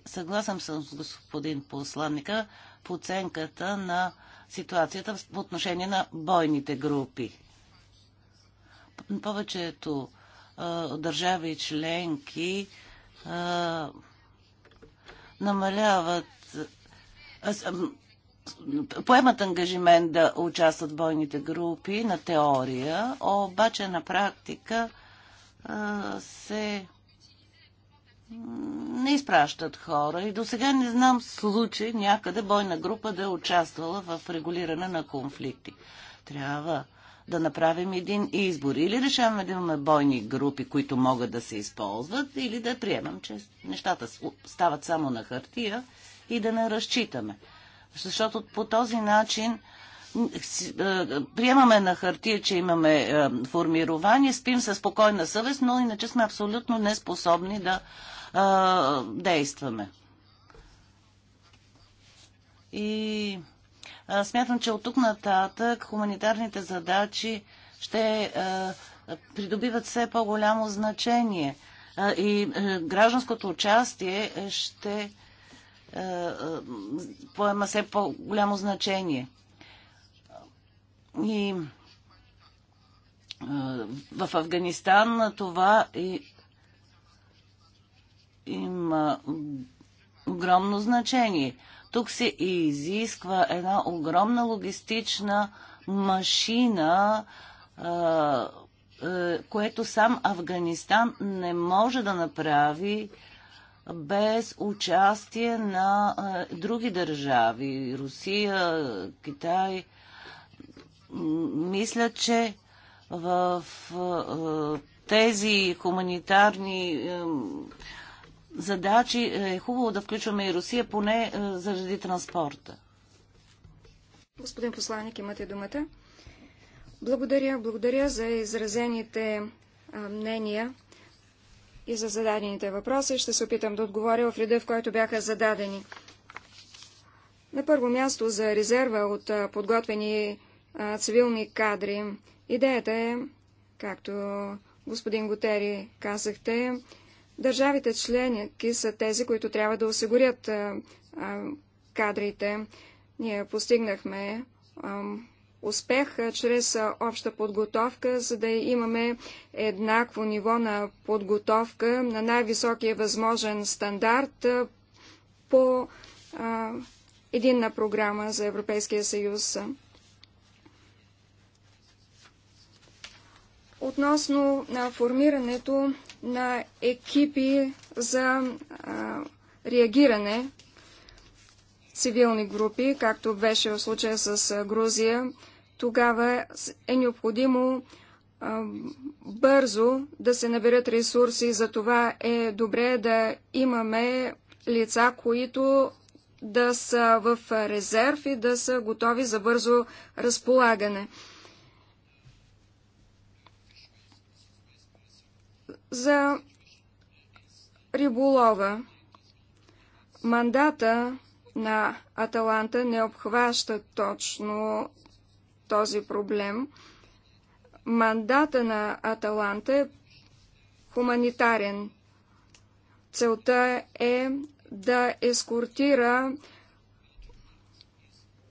Speaker 3: съгласен съм с господин посланника, по оценката на ситуацията по отношение на бойните групи. Повечето а, държави и членки а, намаляват поемат ангажимент да участват в бойните групи на теория, обаче на практика се не изпращат хора. И до сега не знам случай някъде бойна група да е участвала в регулиране на конфликти. Трябва да направим един избор. Или решаваме да имаме бойни групи, които могат да се използват, или да приемам, че нещата стават само на хартия и да не разчитаме защото по този начин е, приемаме на хартия, че имаме е, формирование, спим със спокойна съвест, но иначе сме абсолютно неспособни да е, действаме. И смятам, че от тук нататък хуманитарните задачи ще придобиват все по-голямо значение и гражданското участие ще е, е, поема все по-голямо значение. И е, в Афганистан на това и, има огромно значение. Тук се изисква една огромна логистична машина, което сам Афганистан не може да направи без участие на а, други държави Русия, Китай. Мисля, че в а, тези хуманитарни а, задачи е хубаво да включваме и Русия, поне е, заради транспорта.
Speaker 2: Господин посланник, имате думата. Благодаря, благодаря за изразените мнения и за зададените въпроси. Ще се опитам да отговоря в реда, в който бяха зададени. На първо място за резерва от подготвени цивилни кадри. Идеята е, както господин Готери казахте, държавите членки са тези, които трябва да осигурят кадрите. Ние постигнахме успех чрез обща подготовка, за да имаме еднакво ниво на подготовка на най-високия възможен стандарт по единна програма за Европейския съюз. Относно на формирането на екипи за реагиране цивилни групи, както беше в случая с Грузия, тогава е необходимо бързо да се наберат ресурси. За това е добре да имаме лица, които да са в резерв и да са готови за бързо разполагане. За риболова. Мандата на Аталанта не обхваща точно този проблем. Мандата на Аталанта е хуманитарен. Целта е да ескортира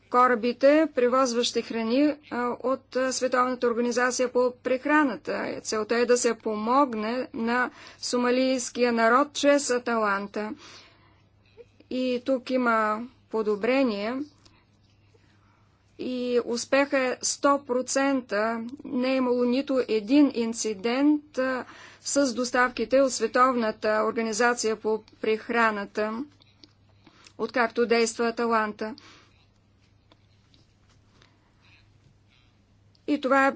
Speaker 2: корабите, превозващи храни от Световната организация по прехраната. Целта е да се помогне на сомалийския народ чрез Аталанта. И тук има подобрение и успеха е 100%. Не е имало нито един инцидент с доставките от Световната организация по прехраната, откакто действа Аталанта. И това е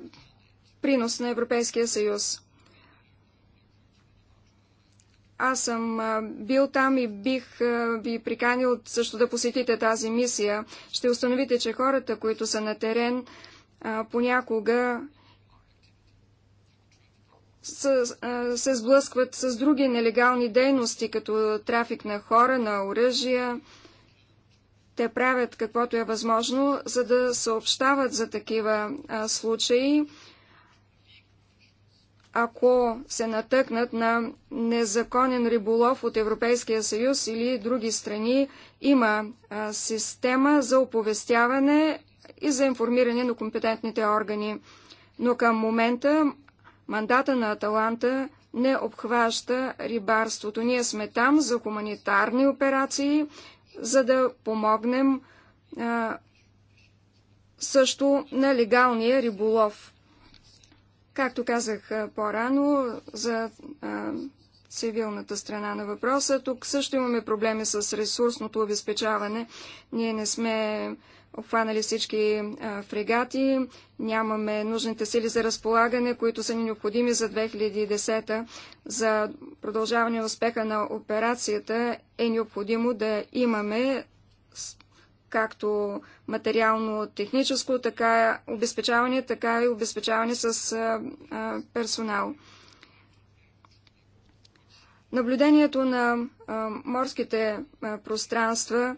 Speaker 2: принос на Европейския съюз. Аз съм бил там и бих ви приканил също да посетите тази мисия. Ще установите, че хората, които са на терен, понякога се сблъскват с други нелегални дейности, като трафик на хора, на оръжия. Те правят каквото е възможно, за да съобщават за такива случаи ако се натъкнат на незаконен риболов от Европейския съюз или други страни, има а, система за оповестяване и за информиране на компетентните органи. Но към момента мандата на Аталанта не обхваща рибарството. Ние сме там за хуманитарни операции, за да помогнем а, също на легалния риболов. Както казах по-рано за а, цивилната страна на въпроса, тук също имаме проблеми с ресурсното обезпечаване. Ние не сме обхванали всички а, фрегати, нямаме нужните сили за разполагане, които са ни необходими за 2010 За продължаване успеха на операцията е необходимо да имаме както материално-техническо, така обезпечаване, така и обезпечаване с а, персонал. Наблюдението на а, морските а, пространства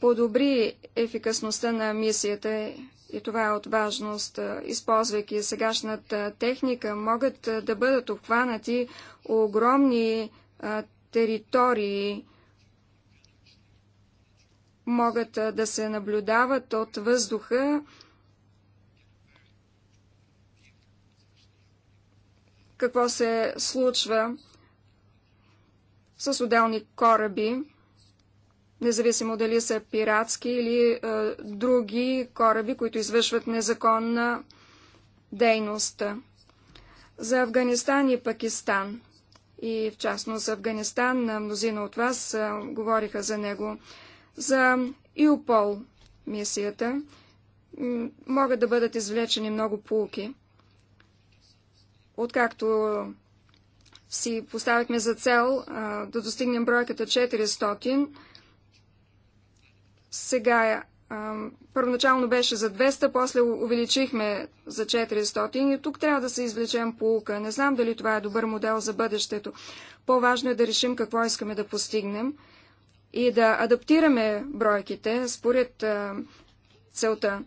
Speaker 2: подобри ефикасността на мисията и това е от важност. Използвайки сегашната техника, могат да бъдат обхванати огромни а, територии, могат да се наблюдават от въздуха. Какво се случва с отделни кораби, независимо дали са пиратски или е, други кораби, които извършват незаконна дейност. За Афганистан и Пакистан и в частност Афганистан, мнозина от вас говориха за него. За ИОПОЛ мисията могат да бъдат извлечени много полуки. Откакто си поставихме за цел а, да достигнем бройката 400, сега а, първоначално беше за 200, после увеличихме за 400 и тук трябва да се извлечем полука. Не знам дали това е добър модел за бъдещето. По-важно е да решим какво искаме да постигнем и да адаптираме бройките според целта.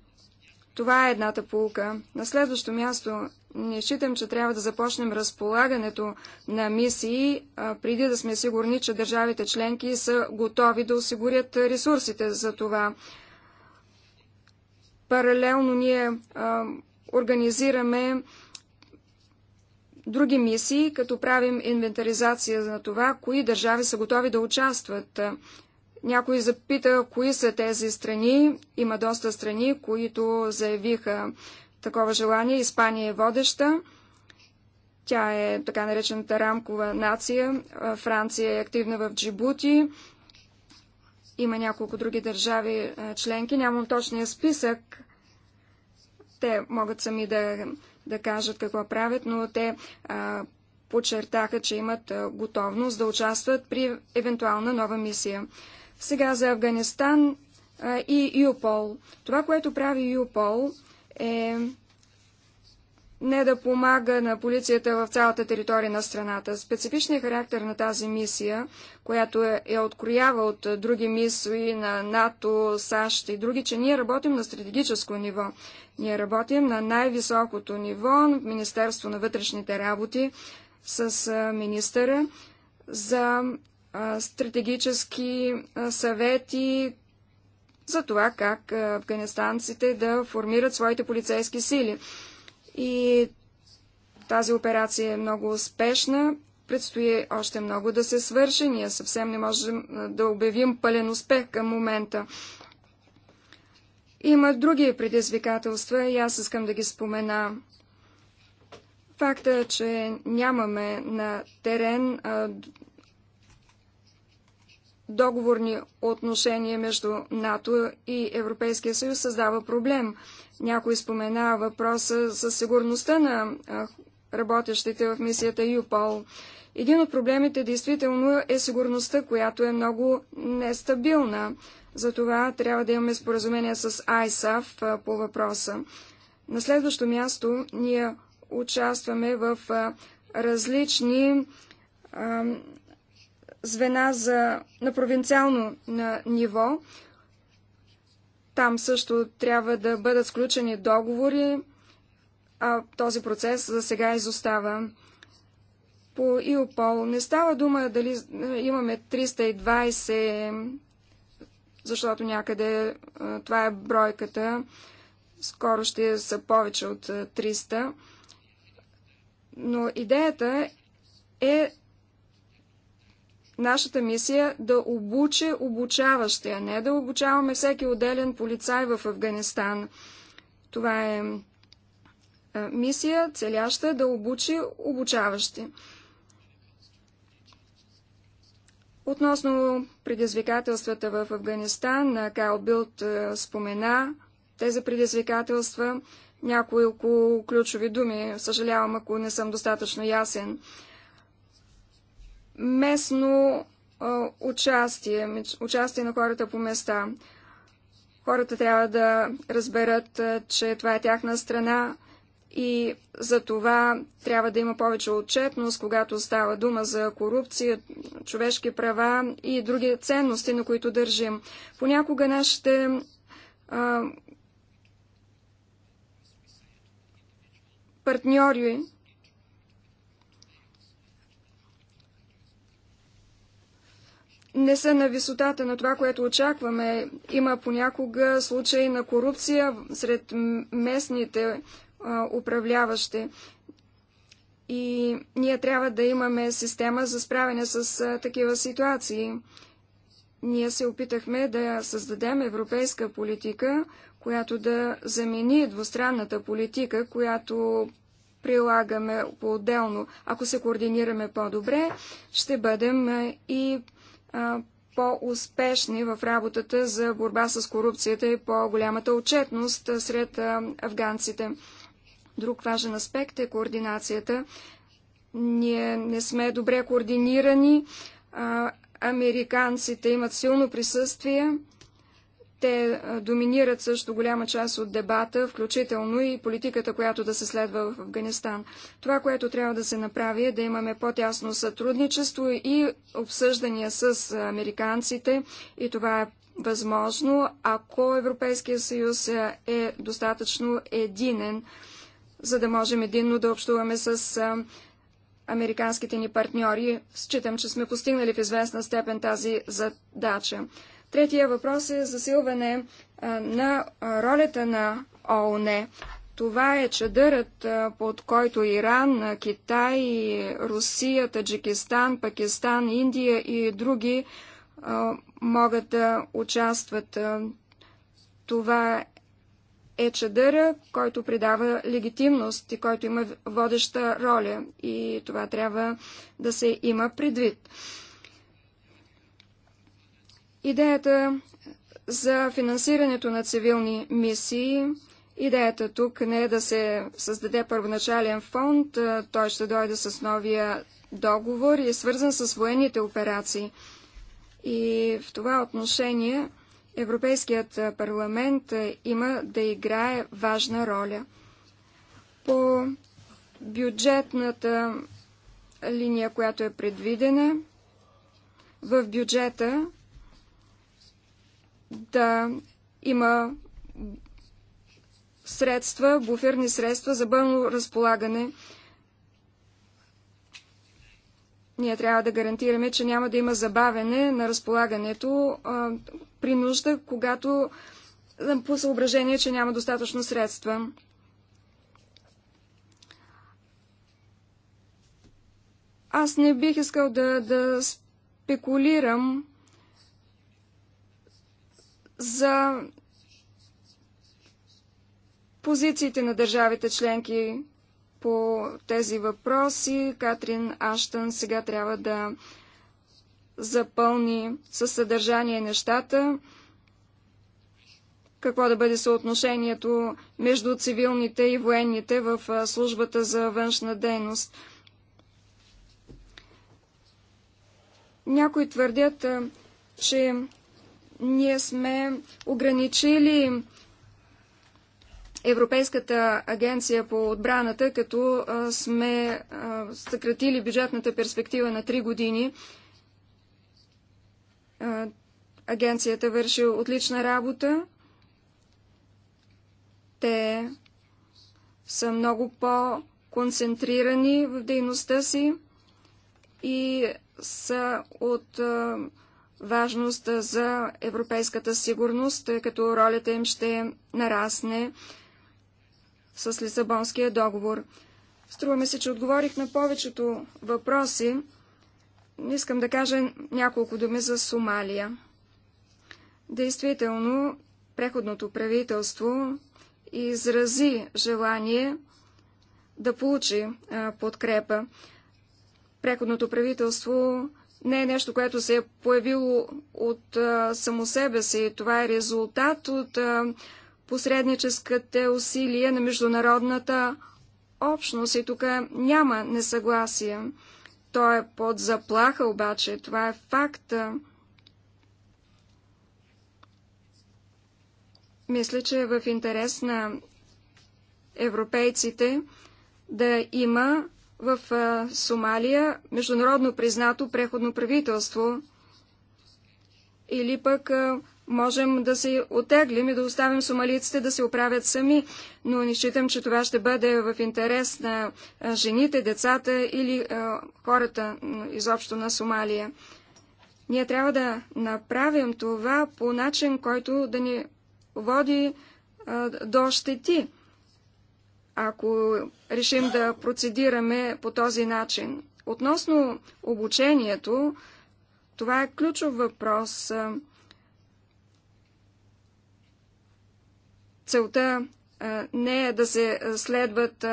Speaker 2: Това е едната полука. На следващо място не считам, че трябва да започнем разполагането на мисии, преди да сме сигурни, че държавите членки са готови да осигурят ресурсите за това. Паралелно ние а, организираме други мисии, като правим инвентаризация на това, кои държави са готови да участват. Някой запита, кои са тези страни. Има доста страни, които заявиха такова желание. Испания е водеща. Тя е така наречената рамкова нация. Франция е активна в Джибути. Има няколко други държави членки. Нямам точния списък. Те могат сами да да кажат какво правят, но те а, подчертаха, че имат а, готовност да участват при евентуална нова мисия. Сега за Афганистан а, и ЮПОЛ. Това, което прави ЮПОЛ е не да помага на полицията в цялата територия на страната. Специфичният характер на тази мисия, която е, е, откроява от други мисии на НАТО, САЩ и други, че ние работим на стратегическо ниво. Ние работим на най-високото ниво, в Министерство на вътрешните работи, с министъра за стратегически съвети, за това как афганистанците да формират своите полицейски сили и тази операция е много успешна. Предстои още много да се свърши. Ние съвсем не можем да обявим пълен успех към момента. Има други предизвикателства и аз искам да ги спомена. Факта, е, че нямаме на терен договорни отношения между НАТО и Европейския съюз създава проблем. Някой спомена въпроса за сигурността на работещите в мисията ЮПОЛ. Един от проблемите действително е сигурността, която е много нестабилна. Затова трябва да имаме споразумение с ISAF по въпроса. На следващо място ние участваме в различни звена за, на провинциално на ниво. Там също трябва да бъдат сключени договори, а този процес за сега изостава. По ИОПОЛ не става дума дали е, имаме 320, защото някъде е, това е бройката, скоро ще са повече от 300, е, но идеята е нашата мисия да обучи обучаващия, не да обучаваме всеки отделен полицай в Афганистан. Това е, е мисия, целяща да обучи обучаващи. Относно предизвикателствата в Афганистан, Кайл Билт е, спомена тези предизвикателства, няколко ключови думи. Съжалявам, ако не съм достатъчно ясен местно участие, участие на хората по места. Хората трябва да разберат, че това е тяхна страна и за това трябва да има повече отчетност, когато става дума за корупция, човешки права и други ценности, на които държим. Понякога нашите а, партньори не са на висотата на това, което очакваме. Има понякога случаи на корупция сред местните а, управляващи. И ние трябва да имаме система за справяне с а, такива ситуации. Ние се опитахме да създадем европейска политика, която да замени двустранната политика, която прилагаме по-отделно. Ако се координираме по-добре, ще бъдем и по-успешни в работата за борба с корупцията и по-голямата отчетност сред афганците. Друг важен аспект е координацията. Ние не сме добре координирани. Американците имат силно присъствие те доминират също голяма част от дебата, включително и политиката, която да се следва в Афганистан. Това, което трябва да се направи е да имаме по-тясно сътрудничество и обсъждания с американците и това е възможно, ако Европейския съюз е достатъчно единен, за да можем единно да общуваме с американските ни партньори. Считам, че сме постигнали в известна степен тази задача. Третия въпрос е засилване на ролята на ООН. Това е чадърът, под който Иран, Китай, Русия, Таджикистан, Пакистан, Индия и други могат да участват. Това е чадъра, който придава легитимност и който има водеща роля. И това трябва да се има предвид. Идеята за финансирането на цивилни мисии, идеята тук не е да се създаде първоначален фонд, той ще дойде с новия договор и е свързан с военните операции. И в това отношение Европейският парламент има да играе важна роля. По бюджетната линия, която е предвидена, в бюджета да има средства, буферни средства за бълно разполагане. Ние трябва да гарантираме, че няма да има забавене на разполагането а, при нужда, когато по съображение, че няма достатъчно средства. Аз не бих искал да, да спекулирам за позициите на държавите членки по тези въпроси. Катрин Аштън сега трябва да запълни със съдържание нещата, какво да бъде съотношението между цивилните и военните в службата за външна дейност. Някои твърдят, че ние сме ограничили Европейската агенция по отбраната, като сме съкратили бюджетната перспектива на 3 години. Агенцията върши отлична работа. Те са много по-концентрирани в дейността си и са от важност за европейската сигурност, тъй като ролята им ще нарасне с Лисабонския договор. Струваме се, че отговорих на повечето въпроси. Искам да кажа няколко думи за Сомалия. Действително, преходното правителство изрази желание да получи подкрепа. Преходното правителство не е нещо, което се е появило от а, само себе си. Това е резултат от а, посредническите усилия на международната общност и тук няма несъгласие. То е под заплаха обаче, това е факт. Мисля, че е в интерес на европейците да има в Сомалия международно признато преходно правителство или пък можем да се отеглим и да оставим сомалиците да се оправят сами, но не считам, че това ще бъде в интерес на жените, децата или хората изобщо на Сомалия. Ние трябва да направим това по начин, който да ни води до щети ако решим да процедираме по този начин. Относно обучението, това е ключов въпрос. Целта не е да се следват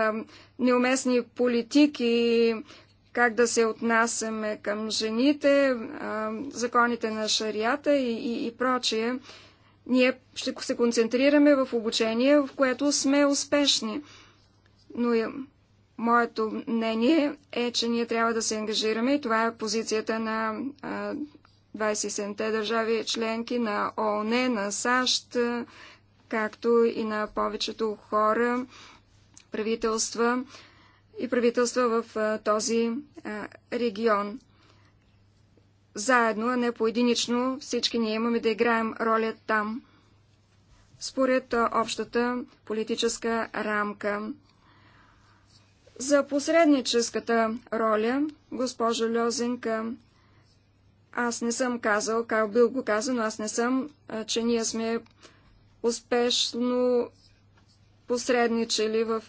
Speaker 2: неуместни политики, как да се отнасяме към жените, законите на шарията и, и, и прочие. Ние ще се концентрираме в обучение, в което сме успешни но и моето мнение е, че ние трябва да се ангажираме и това е позицията на 27-те държави членки на ООН, на САЩ, както и на повечето хора, правителства и правителства в този регион. Заедно, а не поединично, всички ние имаме да играем роля там, според общата политическа рамка. За посредническата роля, госпожо Льозенка, аз не съм казал, как Бил го казан, аз не съм, че ние сме успешно посредничали в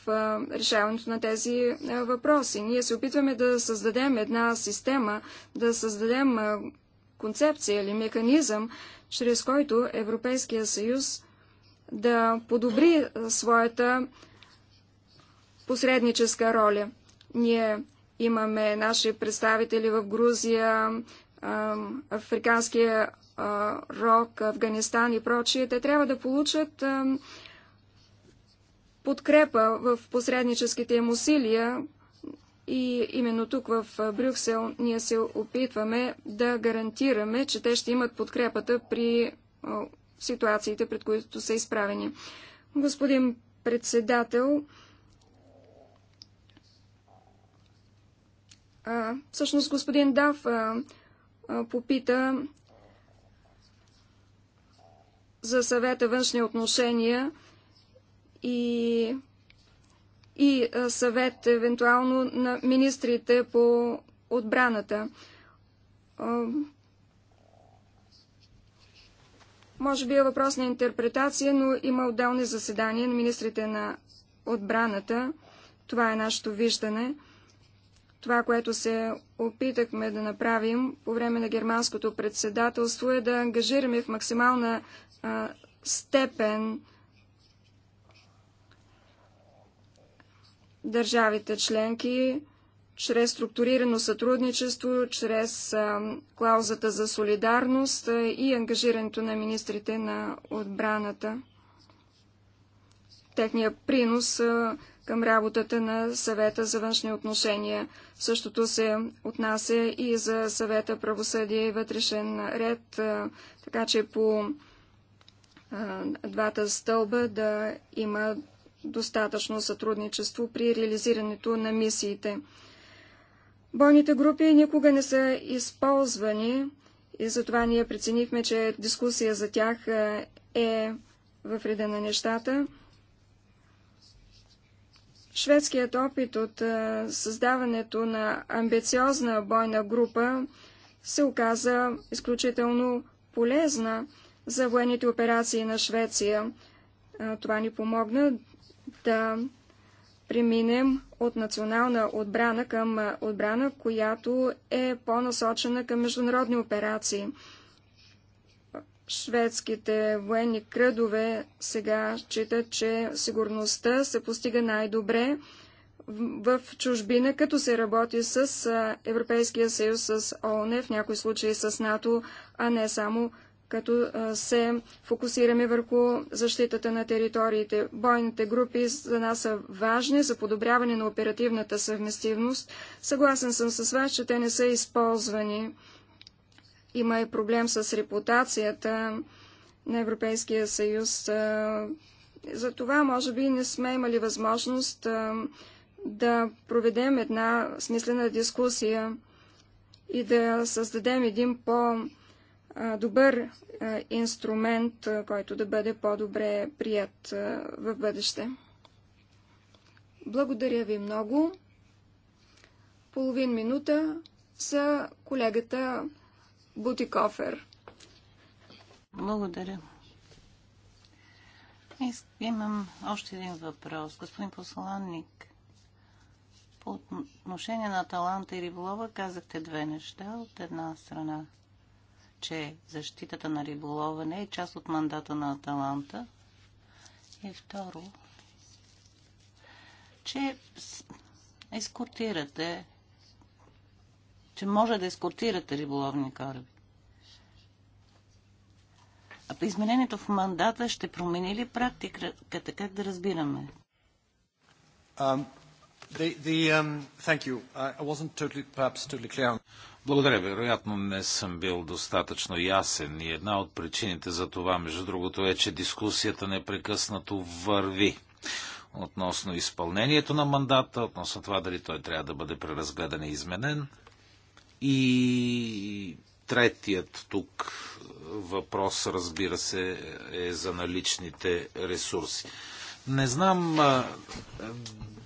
Speaker 2: решаването на тези въпроси. Ние се опитваме да създадем една система, да създадем концепция или механизъм, чрез който Европейския съюз да подобри своята посредническа роля. Ние имаме наши представители в Грузия, Африканския рок, Афганистан и прочие. Те трябва да получат подкрепа в посредническите им усилия, и именно тук в Брюксел ние се опитваме да гарантираме, че те ще имат подкрепата при ситуациите, пред които са изправени. Господин председател, А, всъщност господин Дав а, а, попита за съвета външни отношения и, и съвет евентуално на министрите по отбраната. А, може би е въпрос на интерпретация, но има отделни заседания на министрите на отбраната. Това е нашето виждане. Това, което се опитахме да направим по време на германското председателство е да ангажираме в максимална а, степен държавите членки чрез структурирано сътрудничество, чрез а, клаузата за солидарност а, и ангажирането на министрите на отбраната. Техният принос а, към работата на съвета за външни отношения. Същото се отнася и за съвета правосъдие и вътрешен ред, така че по двата стълба да има достатъчно сътрудничество при реализирането на мисиите. Бойните групи никога не са използвани и затова ние преценихме, че дискусия за тях е в реда на нещата. Шведският опит от създаването на амбициозна бойна група се оказа изключително полезна за военните операции на Швеция. Това ни помогна да преминем от национална отбрана към отбрана, която е по-насочена към международни операции. Шведските военни кръдове сега считат, че сигурността се постига най-добре в чужбина, като се работи с Европейския съюз, с ООН, в някои случаи с НАТО, а не само като се фокусираме върху защитата на териториите. Бойните групи за нас са важни за подобряване на оперативната съвместивност. Съгласен съм с вас, че те не са използвани има и проблем с репутацията на Европейския съюз. За това, може би, не сме имали възможност да проведем една смислена дискусия и да създадем един по-добър инструмент, който да бъде по-добре прият в бъдеще. Благодаря ви много. Половин минута за колегата Бутикофер.
Speaker 3: Благодаря. Имам още един въпрос. Господин посланник, по отношение на таланта и риболова казахте две неща. От една страна, че защитата на риболова не е част от мандата на Аталанта. И второ, че ескортирате че може да ескортирате риболовни кораби. А изменението в мандата ще промени ли практиката? Как да разбираме? Um, the, the, um, thank you. I wasn't
Speaker 1: totally, perhaps, totally clear. Благодаря. Вероятно не съм бил достатъчно ясен и една от причините за това, между другото, е, че дискусията непрекъснато върви относно изпълнението на мандата, относно това дали той трябва да бъде преразгледан и изменен. И третият тук въпрос, разбира се, е за наличните ресурси. Не знам а,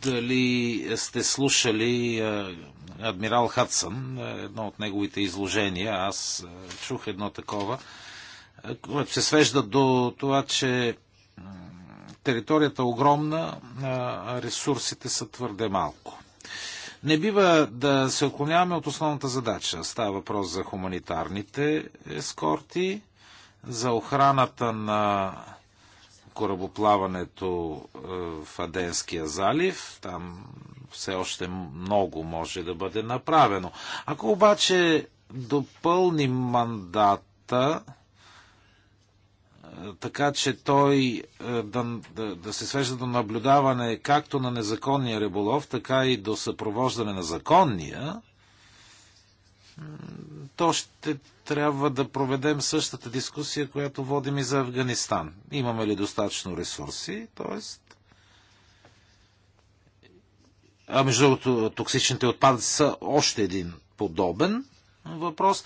Speaker 1: дали сте слушали а, адмирал Хадсън, едно от неговите изложения, аз а, чух едно такова, което се свежда до това, че територията е огромна, а ресурсите са твърде малко. Не бива да се отклоняваме от основната задача. Става въпрос за хуманитарните ескорти, за охраната на корабоплаването е, в Аденския залив. Там все още много може да бъде направено. Ако обаче допълним мандата, така че той е, да, да, да се свежда до наблюдаване както на незаконния риболов, така и до съпровождане на законния, то ще трябва да проведем същата дискусия, която водим и за Афганистан. Имаме ли достатъчно ресурси, т.е. А между другото, токсичните отпадъци са още един подобен въпрос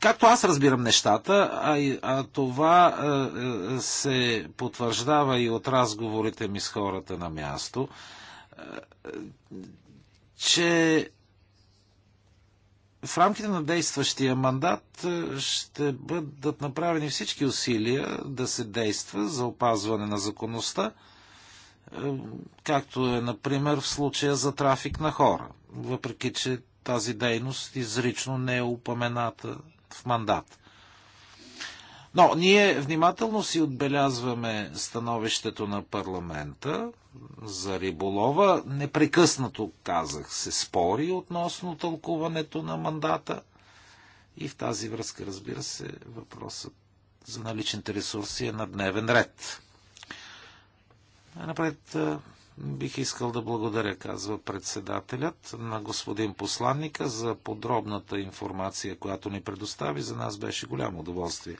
Speaker 1: както аз разбирам нещата, а, а това а, е, се потвърждава и от разговорите ми с хората на място, а, че в рамките на действащия мандат ще бъдат направени всички усилия да се действа за опазване на законността, както е, например, в случая за трафик на хора, въпреки че тази дейност изрично не е упомената в мандат. Но ние внимателно си отбелязваме становището на парламента за риболова. Непрекъснато, казах, се спори относно тълкуването на мандата. И в тази връзка, разбира се, въпросът за наличните ресурси е на дневен ред. Напред Бих искал да благодаря, казва председателят, на господин посланника за подробната информация, която ни предостави. За нас беше голямо удоволствие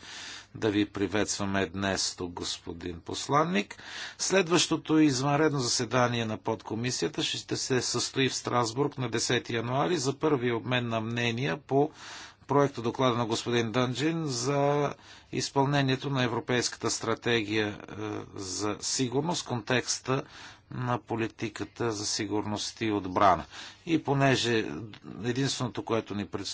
Speaker 1: да ви приветстваме днес тук, господин посланник. Следващото извънредно заседание на подкомисията ще се състои в Страсбург на 10 януари за първи обмен на мнения по проекта доклада на господин Дънджин за изпълнението на Европейската стратегия е, за сигурност, контекста на политиката за сигурност и отбрана. И понеже единственото, което ни предстои,